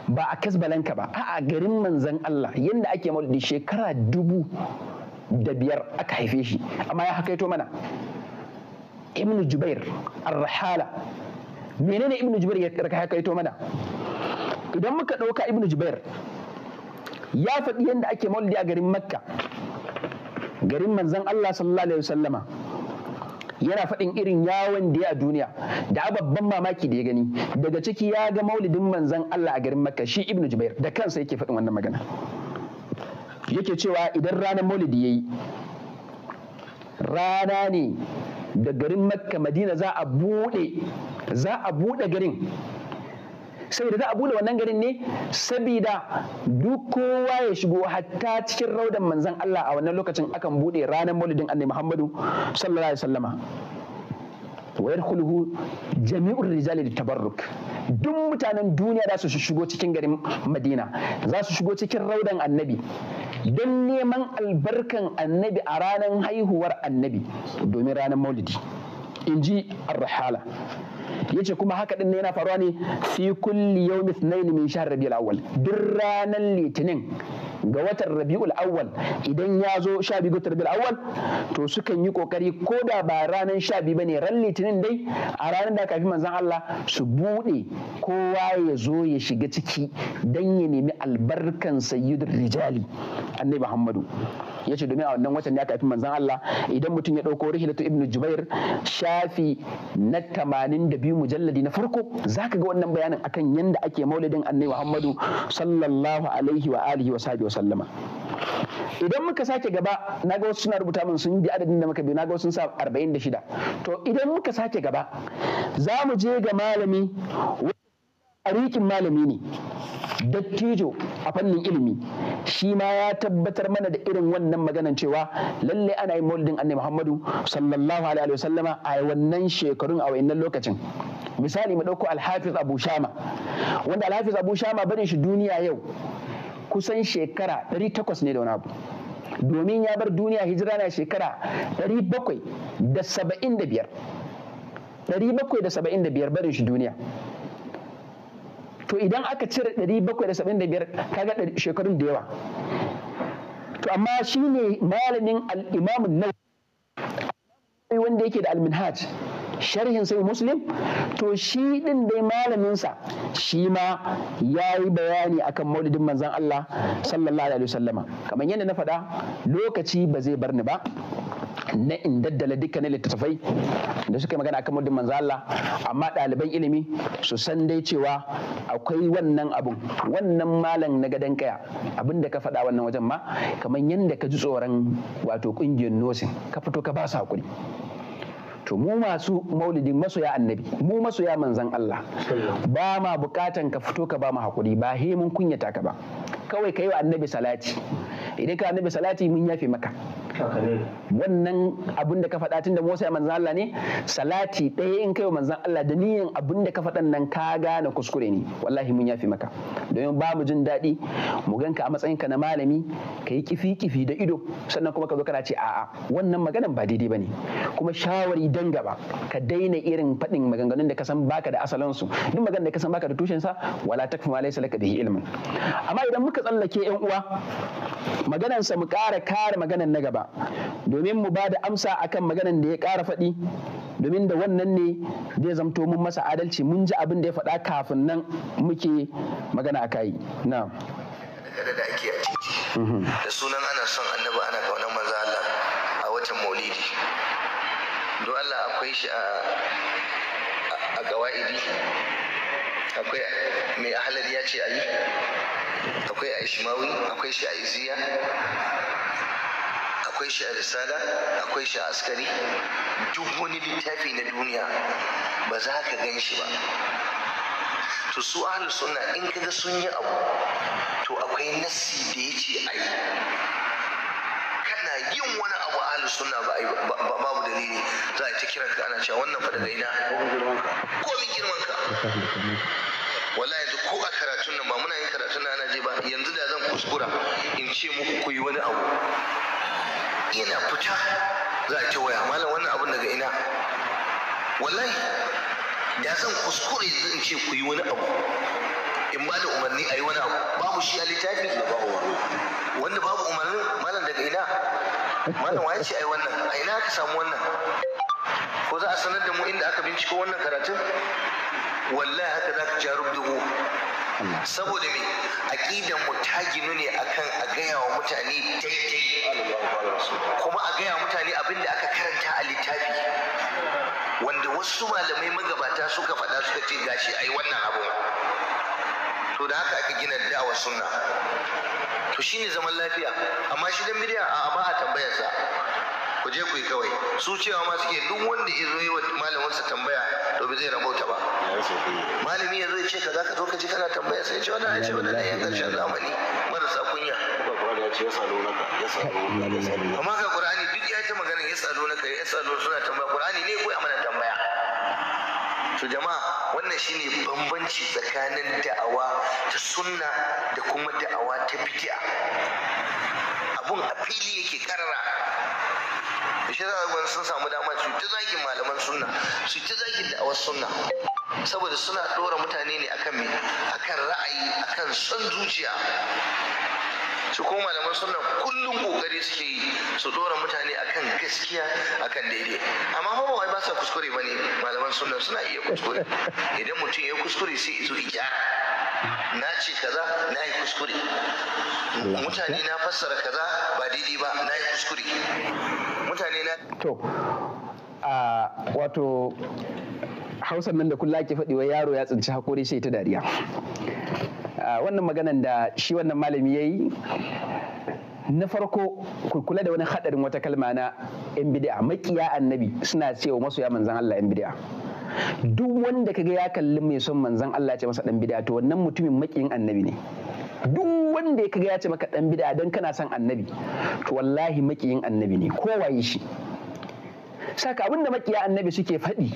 ba a Kazbalanka ba a garin manzan Allah yadda ake maulidi shekara dubu da biyar aka haife shi amma ya hakaito mana ibnu jubair Ar-Rahala menene Ibn jubair ya hakaito mana idan muka ɗauka Ibn jubair ya faɗi yadda ake maulidi a garin makka garin manzan Allah sallallahu alaihi wasallama yana faɗin irin yawon da ya duniya da babban mamaki da ya gani daga ciki ya ga maulidin manzan Allah a garin Makka shi Ibnu Jubair da kansa yake faɗin wannan magana yake cewa idan ranar maulidi yayi rana ne da garin Makka Madina za a buɗe za a buɗe garin saboda za a bude wannan garin ne saboda duk kowa ya shigo hatta cikin raudan manzon Allah a wannan lokacin akan bude ranar maulidin annabi Muhammadu sallallahu alaihi wasallama wa yadkhuluhu jami'ur rijali litabarruk duk mutanen duniya za su shigo cikin garin Madina za su shigo cikin raudan annabi don neman albarkan annabi a ranar haihuwar annabi domin ranar maulidi inji ji rahala yace kuma haka din yana faruwa ne fi kulli yawmi ithnain min shahr rabiul awwal duk ranar litinin ga watan rabi'ul awwal idan ya zo sha biyu ga rabi'ul awwal to sukan yi kokari ko da ba ranar sha biyu bane ran litinin dai a ranar da kafin manzon Allah su bude kowa ya zo ya shiga ciki dan ya nemi albarkan sayyidur rijali annabi Muhammadu ya ce domin a wannan watan ya kafin manzon Allah idan mutum ya dauko rihlatu ibnu jubair shafi na 82 mujalladi na farko zaka ga wannan bayanin akan yanda ake maulidin annabi Muhammadu sallallahu alaihi wa alihi wa sahbihi wasallama idan muka sake gaba na ga wasu suna rubuta min sun bi adadin da muka bi na ga sun sa 46 to idan muka sake gaba za mu je ga malami rikin malami ne dattijo a fannin ilimi shi ma ya tabbatar mana da irin wannan maganan cewa lalle ana yi maulidin annabi muhammadu sallallahu alaihi wa sallama a wannan shekarun a wannan lokacin misali mu ɗauko alhafiz abu shama wanda alhafiz abu shama barin shi duniya yau kusan shekara 800 ne da wani abu domin ya bar duniya hijira na shekara 775 775 barin shi duniya to idan aka cire 775 kaga shekarun da yawa to amma shine malamin al-imam wanda yake da al-minhaj sharhin sai muslim to shi din dai malaminsa shi ma ya yi bayani akan maulidin manzan Allah sallallahu alaihi wasallama kamar yadda na faɗa lokaci ba zai bar ni ba na in daddala dukkanin littattafai da suka yi magana akan muddin manzo Allah amma ɗaliban ilimi su san dai cewa akwai wannan abun wannan malam na gadon kaya abinda ka faɗa wannan wajen ma kamar yadda ka ji tsoron wato ƙungiyar nosin ka fito ka ba su hakuri to mu masu maulidin masoya annabi mu masoya manzan Allah ba ma bukatan ka fito ka ba mu hakuri ba he mun kunyata ka ba kawai ka yi wa annabi salati idan ka annabi salati mun yafe maka wannan abin da ka faɗa tun da Musa ya manzan Allah ne salati ɗaya in kai wa manzan Allah da niyan abin da ka faɗan nan ka gane kuskure ne wallahi mun yafe maka domin ba mu jin daɗi mu ganka a matsayinka na malami ka yi kifi kifi da ido sannan kuma ka zo kana ce a'a wannan maganan ba daidai bane kuma shawari dan gaba ka daina irin faɗin maganganun da ka san baka da asalin su duk maganar da ka san baka da tushen sa wala takfu ma laysa laka bihi ilmin amma idan muka tsallake yan uwa maganansa mu ƙara kare maganan na gaba domin mu ba da amsa akan maganan da ya ƙara faɗi domin da wannan ne zai zamto mun masa adalci mun ji abin da ya faɗa kafin nan muke magana a kai na da ake a ciki mhm. da sunan ana son annabi ana kaunar manzo Allah a watan maulidi don Allah akwai shi a gawaidi akwai mai ahalar ya ce a yi akwai a ishmawi akwai shi a iziya akwai shi a risala akwai shi a askari duk wani littafi na duniya ba za ka gan shi ba to su ahlus suna in kaga sun yi abu to akwai nasi da ya ce a yi kana yin wani abu ahlus suna ba babu dalili za a ta kiranka ana cewa wannan fa na? ina ko min girman ka wallahi yanzu ko a karatun nan ba muna yin karatun nan ana je ba yanzu da zan kuskura in ce muku ku yi wani abu yana fita za a ce waya malam wannan abun daga ina wallahi da zan kuskure yanzu in ce ku yi wani abu in ba da umarni a yi wani abu babu shi a littafi wanda babu umarnin malam daga ina malam waye ce a yi wannan a ina aka samu wannan ko za a sanar da mu inda aka binciko wannan karatun wallahi haka za ka ci dubu saboda me aƙidan mu ta ginu ne akan a gaya wa mutane daidai kuma a gaya wa mutane abin da aka karanta a littafi wanda wasu malamai magabata suka faɗa suka ce gashi ai wannan abu to da haka aka gina da'awar sunna to shine zaman lafiya amma shi dan bidiya a ba a tambayarsa ku je ku yi kawai su cewa ma suke duk wanda ya zo yi wa malaminsa tambaya to ba zai rabauta ba malami yanzu ya ce kaza ka zo ka ji kana tambaya sai ce wannan ya ce wannan yan karshen zamani marasa kunya amma ga qur'ani duk ya ta magana ya salo naka ya salo suna tambaya qur'ani ne ko amana mana tambaya to jama'a wannan shine bambanci tsakanin da'awa ta sunna da kuma da'awa ta bid'a abun a fili yake karara shi za sun samu dama su ta zagin malaman sunna su ta zagin da'awar sunna saboda suna ɗora mutane ne akan me akan ra'ayi akan son zuciya su ko malaman suna kullum kokari suke yi su dora mutane akan gaskiya akan daidai amma ba wai ba sa kuskure bane malaman suna suna iya kuskure idan mutum ya kuskure sai izo ya gyara na ce kaza na yi kuskure mutane na fassara kaza ba daidai ba na yi kuskure mutane na to a wato Hausa nan da kula ke faɗi wa yaro ya tsinci hakori shi ta dariya wannan maganan da shi wannan malami ya yi na farko kula da wani hadarin wata kalma na yan bid'a makiya annabi suna cewa masoya manzan Allah yan bid'a duk wanda kaga ya kalli mai son manzan Allah ce masa dan bid'a to wannan mutumin makiyin annabi ne duk wanda ya kaga ya ce maka dan bid'a dan kana son annabi to wallahi makiyin annabi ne ko waye shi saka abin da makiya annabi suke faɗi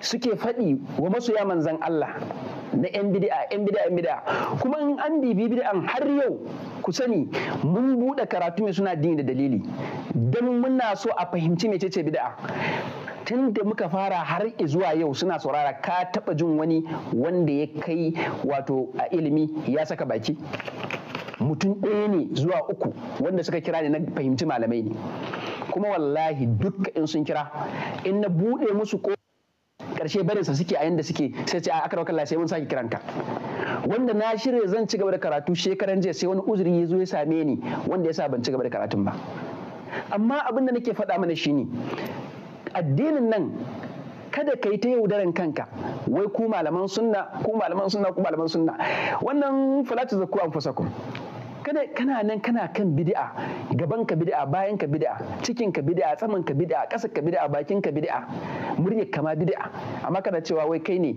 suke faɗi wa masoya manzan Allah na 'yan bid'a 'yan bid'a 'yan bid'a kuma in an bibi bid'an har yau ku sani mun buɗe karatu mai suna dini da dalili don muna so a fahimci mecece bid'a tun da muka fara har zuwa yau suna saurara ka taba jin wani wanda ya kai wato a ilimi ya saka baki mutum ɗaya ne zuwa uku wanda suka kira ne na fahimci malamai ne kuma wallahi dukka in sun kira in na buɗe musu ko karshe barinsa suke a yanda suke sai ce a aka kalla sai mun sake kiranka wanda na shirya zan ci gaba da karatu shekaran jiya sai wani uzuri ya zo ya same ni wanda ya sa ban ci gaba da karatun ba amma abin da nake faɗa mana shine addinin nan kada ka yi ta yaudaran kanka wai ku malaman sunna ku malaman sunna ku malaman sunna wannan falatu an anfusakum kada kana nan kana kan bid'a gaban ka bid'a bayan ka bid'a cikin ka bid'a tsaman ka bid'a ƙasar ka bid'a bakin ka bid'a muryar ka bid'a amma kana cewa wai kai ne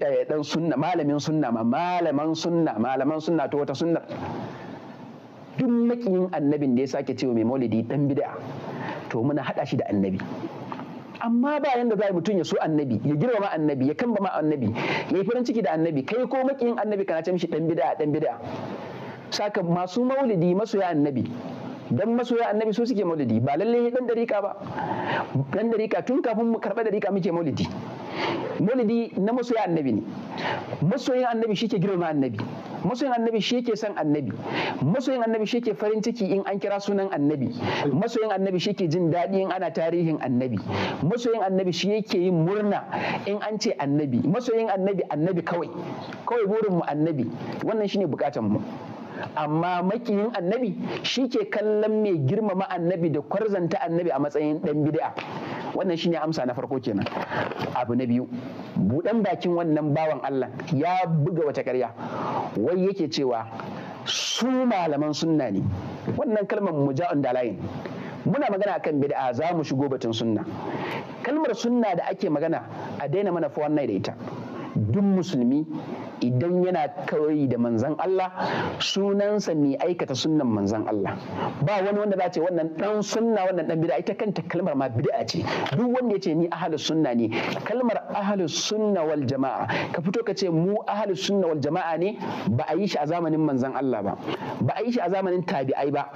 dan eh, sunna malamin sunna ma malaman sunna malaman sunna to wata sunnar duk makiyin annabin da ya sake cewa mai maulidi dan bid'a to muna hada shi da annabi amma ba yanda za mutum ya so annabi ya girmama annabi ya kamba ma annabi ya yi farin ciki da annabi kai ko makiyin annabi kana ce mishi dan bid'a dan bid'a saka masu maulidi masoya annabi dan masoya annabi so suke maulidi ba lalle dan dariƙa ba dan dariƙa tun kafin mu karɓa dariƙa muke maulidi maulidi na masoya annabi ne masoyin annabi shi ke girma annabi masoyin annabi shi ke son annabi masoyin annabi shi ke farin ciki in an kira sunan annabi masoyin annabi shi ke jin daɗi in ana tarihin annabi masoyin annabi shi yake yin murna in an ce annabi masoyin annabi annabi kawai kawai burin mu annabi wannan shine bukatan mu amma makiyin annabi shi ke kallon mai girmama annabi da kwarzanta annabi a matsayin dan bid'a wannan shine amsa na farko kenan abu na biyu buɗan bakin wannan bawan Allah ya buga wata karya wai yake cewa su malaman sunna ne wannan kalmar muja'un dalayin muna magana akan bid'a za mu shigo batun sunna kalmar sunna da ake magana a daina mana fa wannan da ita duk musulmi idan yana kawai da manzan Allah sunansa mai aikata sunan manzan Allah ba wani wanda za ce wannan dan sunna wannan dan bid'a ita kanta kalmar ma bid'a ce duk wanda ya ce ni ahli sunna ne kalmar ahli sunna wal jama'a ka fito ka ce mu ahli sunna wal jama'a ne ba a yi shi a zamanin manzan Allah ba ba a yi shi a zamanin tabi'ai ba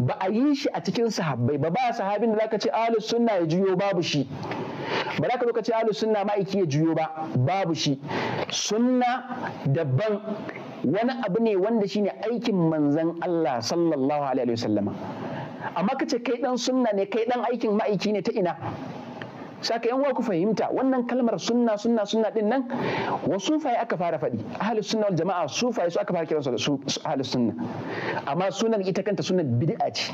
ba a yi shi a cikin sahabbai ba ba sahabin da zaka ce ahli sunna ya juyo babu shi ba za ka ce ahli sunna ma'aiki ya juyo ba babu shi sunna daban wani abu ne wanda shine aikin manzan Allah sallallahu alaihi wasallama amma kace kai dan sunna ne kai dan aikin ma'aiki ne ta ina saka yan ku fahimta wannan kalmar sunna sunna sunna din nan wa sufaye aka fara faɗi ahlus sunna wal jama'a sufaye su aka fara kiransu da su sunna amma sunan ita kanta sunan bid'a ce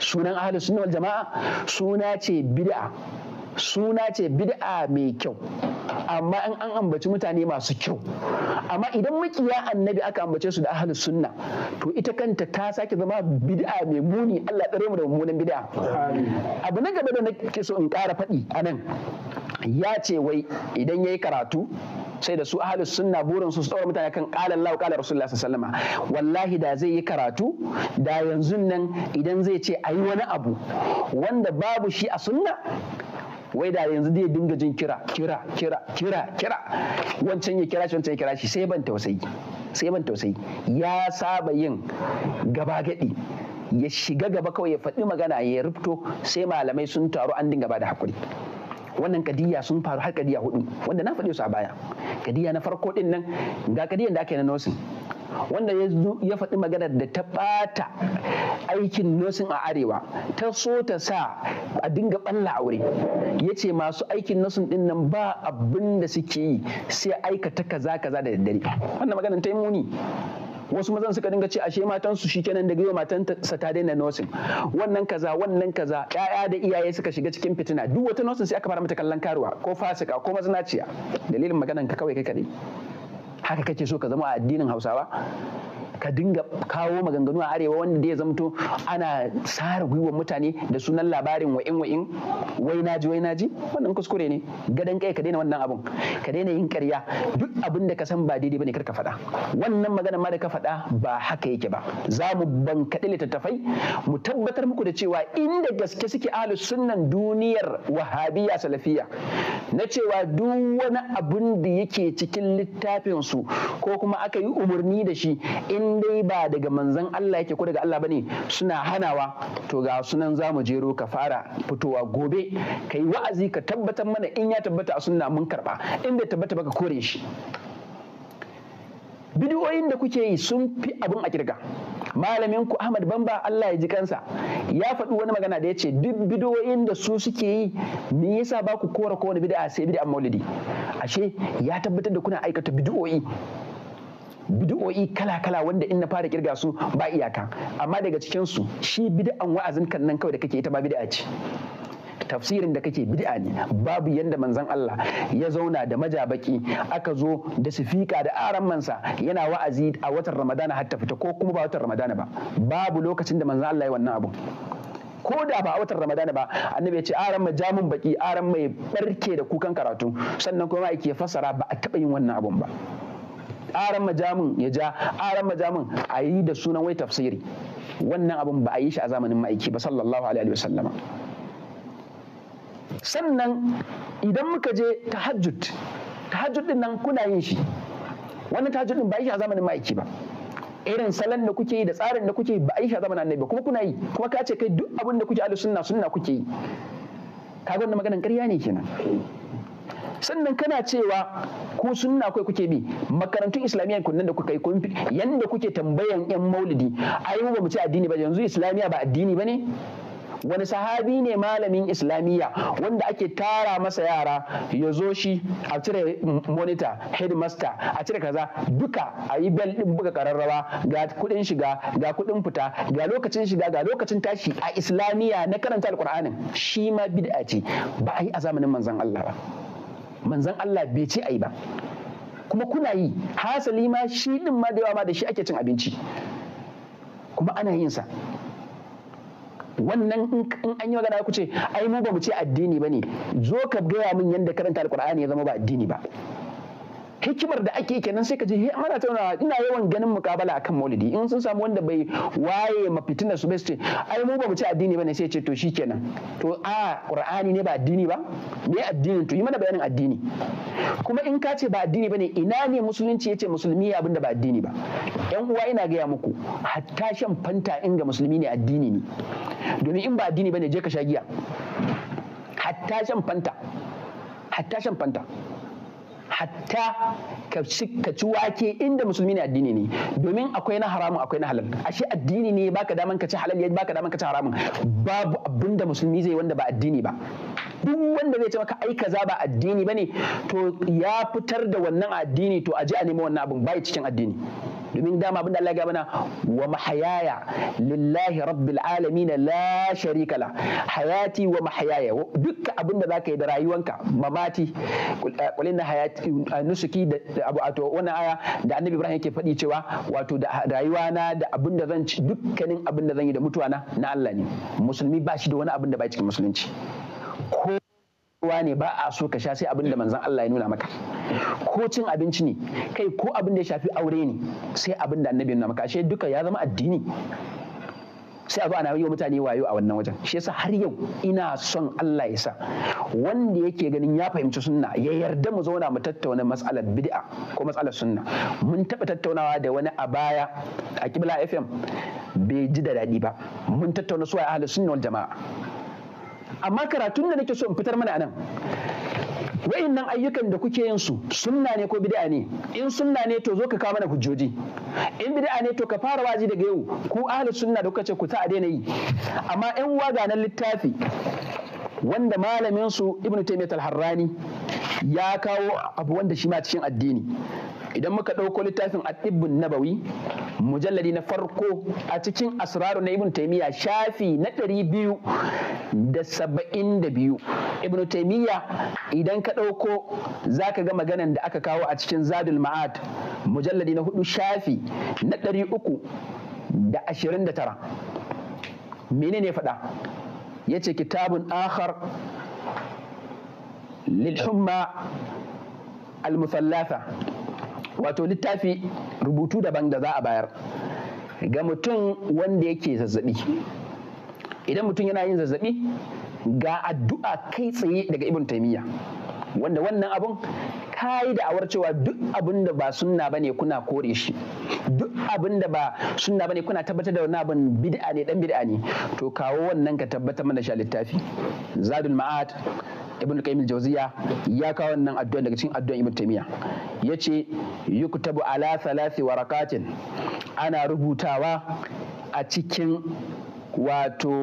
sunan ahlus sunna wal jama'a suna ce bid'a suna ce bid'a mai kyau amma in an ambaci mutane masu kyau amma idan makiya annabi aka ambace su da ahlus sunna to ita kanta ta sake zama bid'a mai muni Allah tsare mu da mummunan bid'a abu na gaba da nake so in ƙara faɗi anan ya ce wai idan yayi karatu sai da su ahlus sunna burin su tsawar mutane kan qala Allah qala Rasulullah sallallahu alaihi wasallam wallahi da zai yi karatu da yanzu nan idan zai ce ayi wani abu wanda babu shi a sunna wai da yanzu zai dinga jin kira kira kira kira kira wancan ya kira shi wancan ya kira shi sai ban tausayi sai ban tausayi ya saba yin gaba gadi ya shiga gaba kawai ya faɗi magana ya rubto sai malamai sun taru an dinga ba da hakuri wannan kadiya sun faru har kadiya hudu wanda na faɗe su a baya kadiya na farko din nan ga kadiyan da ake na nosin wanda ya faɗi magana da ta ɓata aikin nosin a arewa ta so ta sa a dinga balla aure ya ce masu aikin nosin din nan ba abin da suke yi sai aikata kaza kaza da daddare wannan maganar ta yi muni wasu mazan suka dinga ce ashe matan su shi kenan daga yau matan sa ta daina nursing wannan kaza wannan kaza 'ya'ya da iyaye suka shiga cikin fitina duk wata nursing sai aka fara mata kallon karuwa ko fasika ko mazinaciya dalilin maganan ka kawai kai kadai haka kake so ka zama a addinin Hausawa ka dinga kawo maganganu a arewa wanda zai zamto ana sara gwiwar mutane da sunan labarin wa'in wa'in wai naji wai naji wannan kuskure ne gadan kai ka daina wannan abun ka daina yin karya duk abin da ka san ba daidai bane kar ka faɗa wannan magana ma da ka faɗa ba haka yake ba za mu bankaɗe littattafai mu tabbatar muku da cewa inda gaske suke ahlus sunnan duniyar wahabiyya salafiya na cewa duk wani abun da yake cikin littafin su ko kuma aka yi umarni da shi in in dai ba daga manzan Allah yake ko daga Allah bane suna hanawa to ga sunan zamu jero ka fara fitowa gobe kai wa'azi ka tabbatar mana in ya tabbata a sunna mun karba in bai tabbata ba ka kore shi bidiyoyin da kuke yi sun fi abin a kirga malamin ku Ahmad Bamba Allah ya ji kansa ya faɗi wani magana da ya ce duk bidiyoyin da su suke yi me yasa ba ku kora kowane bid'a sai bid'a maulidi ashe ya tabbatar da kuna aikata bidiyoyi bid'o'i kala-kala wanda in na fara kirga su ba iyaka amma daga cikin su shi bid'an wa'azin kan nan kawai da kake ita ba bid'a ce tafsirin da kake bid'a ne babu yanda manzon Allah ya zauna da majabaki aka zo da sifika da aran mansa yana wa'azi a watan Ramadana har ta fita ko kuma ba watan Ramadana ba babu lokacin da manzon Allah ya wannan abu ko da ba a watan ramadana ba annabi ya ce aran ma baki aran mai barke da kukan karatu sannan kuma ake fassara ba a taɓa yin wannan abun ba aran majamun ya ja aran majamun a yi da sunan wai tafsiri wannan abin ba a yi shi a zamanin ma'aiki ba sallallahu alaihi wasallama sannan idan muka je tahajjud tahajjud din nan kuna yin shi wannan tahajjud din ba a yi shi a zamanin ma'aiki ba irin salon da kuke yi da tsarin da kuke yi ba a yi shi a zamanin annabi kuma kuna yi kuma ka ce kai duk abin da kuke ahlus sunna sunna kuke yi ga wannan maganan ƙarya ne kenan sannan kana cewa ku sunna kai kuke bi makarantun islamiyya kun nan da kuka yi yanda kuke tambayan yan maulidi ai mu ba mu ci addini ba yanzu islamiyya ba addini ba ne wani sahabi ne malamin islamiyya wanda ake tara masa yara ya zo shi a cire monitor headmaster a cire kaza duka a yi bel din buga kararrawa ga kudin shiga ga kudin fita ga lokacin shiga ga lokacin tashi a islamiyya na karanta alkur'anin shi ma bid'a ce ba a yi a zamanin manzon Allah ba manzon Allah bai ce ayi ba kuma kuna yi hasali ma shi din ma da yawa ma da shi ake cin abinci kuma ana yin sa wannan in an yi magana ku ce ai mu ba mu ce addini bane zo ka gaya min yadda karanta Alƙur'ani ya zama ba addini ba hikimar da ake kenan sai ka ji ana tauna ina yawan ganin mukabala akan maulidi in sun samu wanda bai waye mafitinar su bai ce ai mu ba mu ci addini bane sai ce to shikenan to a qur'ani ne ba addini ba me addini? to yi mana bayanin addini kuma in ka ce ba addini bane ina ne musulunci yace musulmi ya abinda ba addini ba yan uwa ina gaya muku hatta shan fanta in ga musulmi ne addini ne domin in ba addini bane je ka sha giya hatta shan fanta hatta shan fanta hatta ka ci wake inda musulmi ne addini ne domin akwai na haramun akwai na halal ashe addini ne baka daman ka ci halal ya baka daman ka ci haramun babu abinda musulmi zai wanda ba addini ba duk wanda zai ce maka ai kaza ba addini bane to ya fitar da wannan addini to a a nemi wannan abin bai cikin addini domin dama abin da Allah ya gaba na wa mahayaya lillahi rabbil alamin la sharika la hayati wa mahayaya dukkan abin da zaka yi da rayuwanka mamati qul eh, hayati eh, nusuki da abu ato wannan aya da Annabi Ibrahim yake faɗi cewa wato da rayuwana da abin da zan ci dukkanin abin da zan yi da mutuwa na Allah ne musulmi ba shi da wani abin da ba cikin musulunci ko ruwa ne ba a so ka sha sai abin da mm. manzan Allah ya nuna maka ko cin abinci ne kai ko abin da ya shafi aure ne sai abin da annabi ya nuna maka ashe duka ya zama addini sai a zo ana yi wa mutane wayo a wannan wajen shi yasa har yau ina son Allah ya sa wanda yake ganin ya fahimci sunna ya yarda mu zauna mu tattauna mas'alar bid'a ko mas'alar sunna mun taba tattaunawa da wani a baya a kibla FM bai ji da daɗi ba mun tattauna su a ahlus sunna wal jama'a amma karatun da nake so in fitar mana anan nan ayyukan da kuke yin su sunna ne ko bid'a ne in sunna ne to zo ka kawo mana hujjoji in bid'a ne to ka fara wazi daga yau ku ahli sunna da kuka ce ku ta a daina yi amma yan uwa na littafi wanda malamin su ibnu taymiyyah al-harrani ya kawo abu wanda shi ma cikin addini idan muka ɗauko littafin al na nabawi mujalladi na farko a cikin asraru na ibn taimiyya shafi na ɗari biyu da saba'in da biyu ibn taimiyya idan ka ɗauko za ka ga maganan da aka kawo a cikin zadul ma'ad mujalladi na hudu shafi na ɗari uku da ashirin da tara menene faɗa ya ce kitabun akhar lil humma al-musallafa wato littafi rubutu daban da za a bayar ga mutum wanda yake zazzabi idan mutum yana yin zazzabi ga addu'a kai tsaye daga ibn taimiyya wanda wannan abun kayi da awar cewa duk abin da ba sunna ne kuna kore shi duk abin da ba sunna ne kuna tabbatar da wani abin bid'a ne dan bid'a ne to kawo wannan ka tabbatar mana shi littafi zadul ma'ad ibn qayyim jawziya ya kawo wannan addu'a daga cikin addu'an ibn taymiya yace yuktabu ala thalathi warakatin ana rubutawa a cikin wato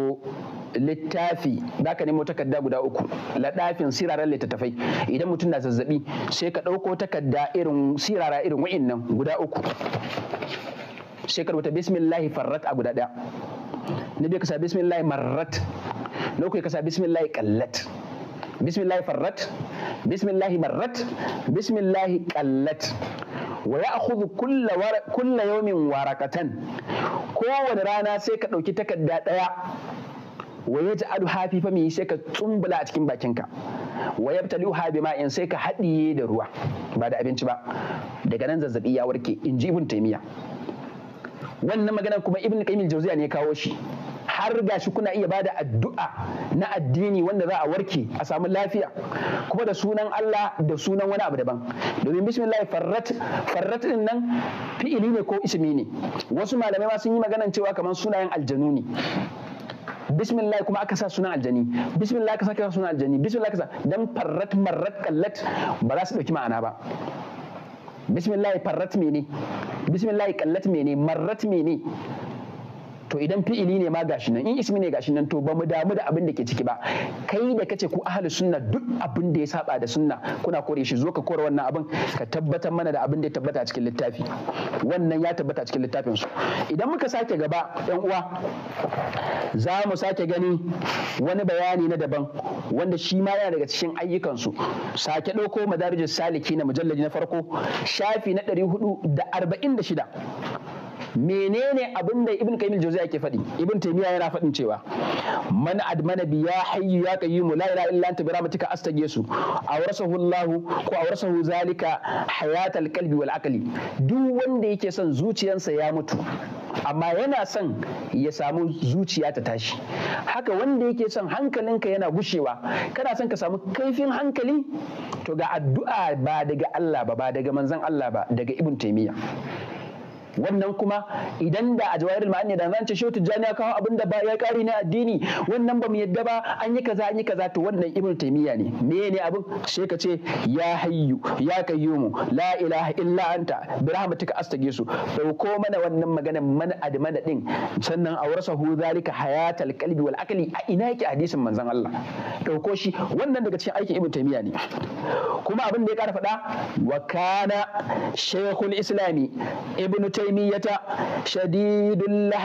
littafi za ka nemo takarda guda uku ladafin siraran littattafai idan mutum na zazzabi sai ka ɗauko takarda irin sirara irin wa'innan guda uku sai ka rubuta bismillah farrat a guda ɗaya na biyu ka sa bismillah marrat na uku ka sa bismillah kallat bismillahi farrat bismillahi barrat bismillahi kallat wa ya'khudhu kulla kulla yawmin warakatan kowane rana sai ka ɗauki takarda ɗaya wa ya adu hafi fa sai ka tsumbula a cikin bakinka wa ha bi ma'in sai ka haɗiye da ruwa ba da abinci ba daga nan zazzabi ya warke in ji ibn taymiya wannan magana kuma ibn qayyim al-jawziya ne kawo shi har gashi kuna iya bada addu'a na addini wanda za a warke a samu lafiya kuma da sunan Allah da sunan wani abu daban domin bismillah farrat farrat din nan fi'ili ne ko ismi ne wasu malamai ma sun yi maganan cewa kamar sunayen aljanu ne bismillah kuma aka sa sunan aljani bismillah aka sa sunan aljani bismillah aka sa dan farrat marrat kallat ba za su dauki ma'ana ba bismillah farrat mene bismillah kallat mene marrat mene to idan fi'ili ne ma gashi nan in ismi ne gashi nan to ba mu damu da abin da ke ciki ba kai da kace ku ahlus sunna duk abin da ya saba da sunna kuna kore shi zo ka kore wannan abin ka tabbatar mana da abin da ya tabbata a cikin littafi wannan ya tabbata a cikin littafin su idan muka sake gaba yan uwa za mu sake gani wani bayani na daban wanda shi ma yana daga cikin ayyukan su sake ɗauko madarijin saliki na mujallaji na farko shafi na 446 menene abin da ibn kaimil jauzi ke faɗi ibn taimiyya yana faɗin cewa man admana bi ya hayyu ya qayyumu la ilaha illa anta bi rahmatika astaghfisu awrasahu allah ko awrasahu zalika hayatal qalbi wal aqli duk wanda yake son zuciyarsa ya mutu amma yana son ya samu zuciya ta tashi haka wanda yake son hankalinka yana gushewa kana son ka samu kaifin hankali to ga addu'a ba daga Allah ba ba daga manzon Allah ba daga ibn taimiyya wannan kuma idan da a jawahirul ma'ani da zan ce wata tijjani ya kawo abin da ba ya kare ne addini wannan ba mu yadda ba an yi kaza an yi kaza to wannan ibnu taymiya ne me ne abin sai ka ce ya hayyu ya kayyumu la ilaha illa anta bi rahmatika su, dauko mana wannan maganar man admana din sannan awrasahu zalika hayatal qalbi wal akli a ina yake hadisin manzon Allah dauko shi wannan daga cikin aikin ibnu taymiya ne kuma abin da ya kara faɗa wa kana shaykhul islami ibnu تيمية شديد اللهج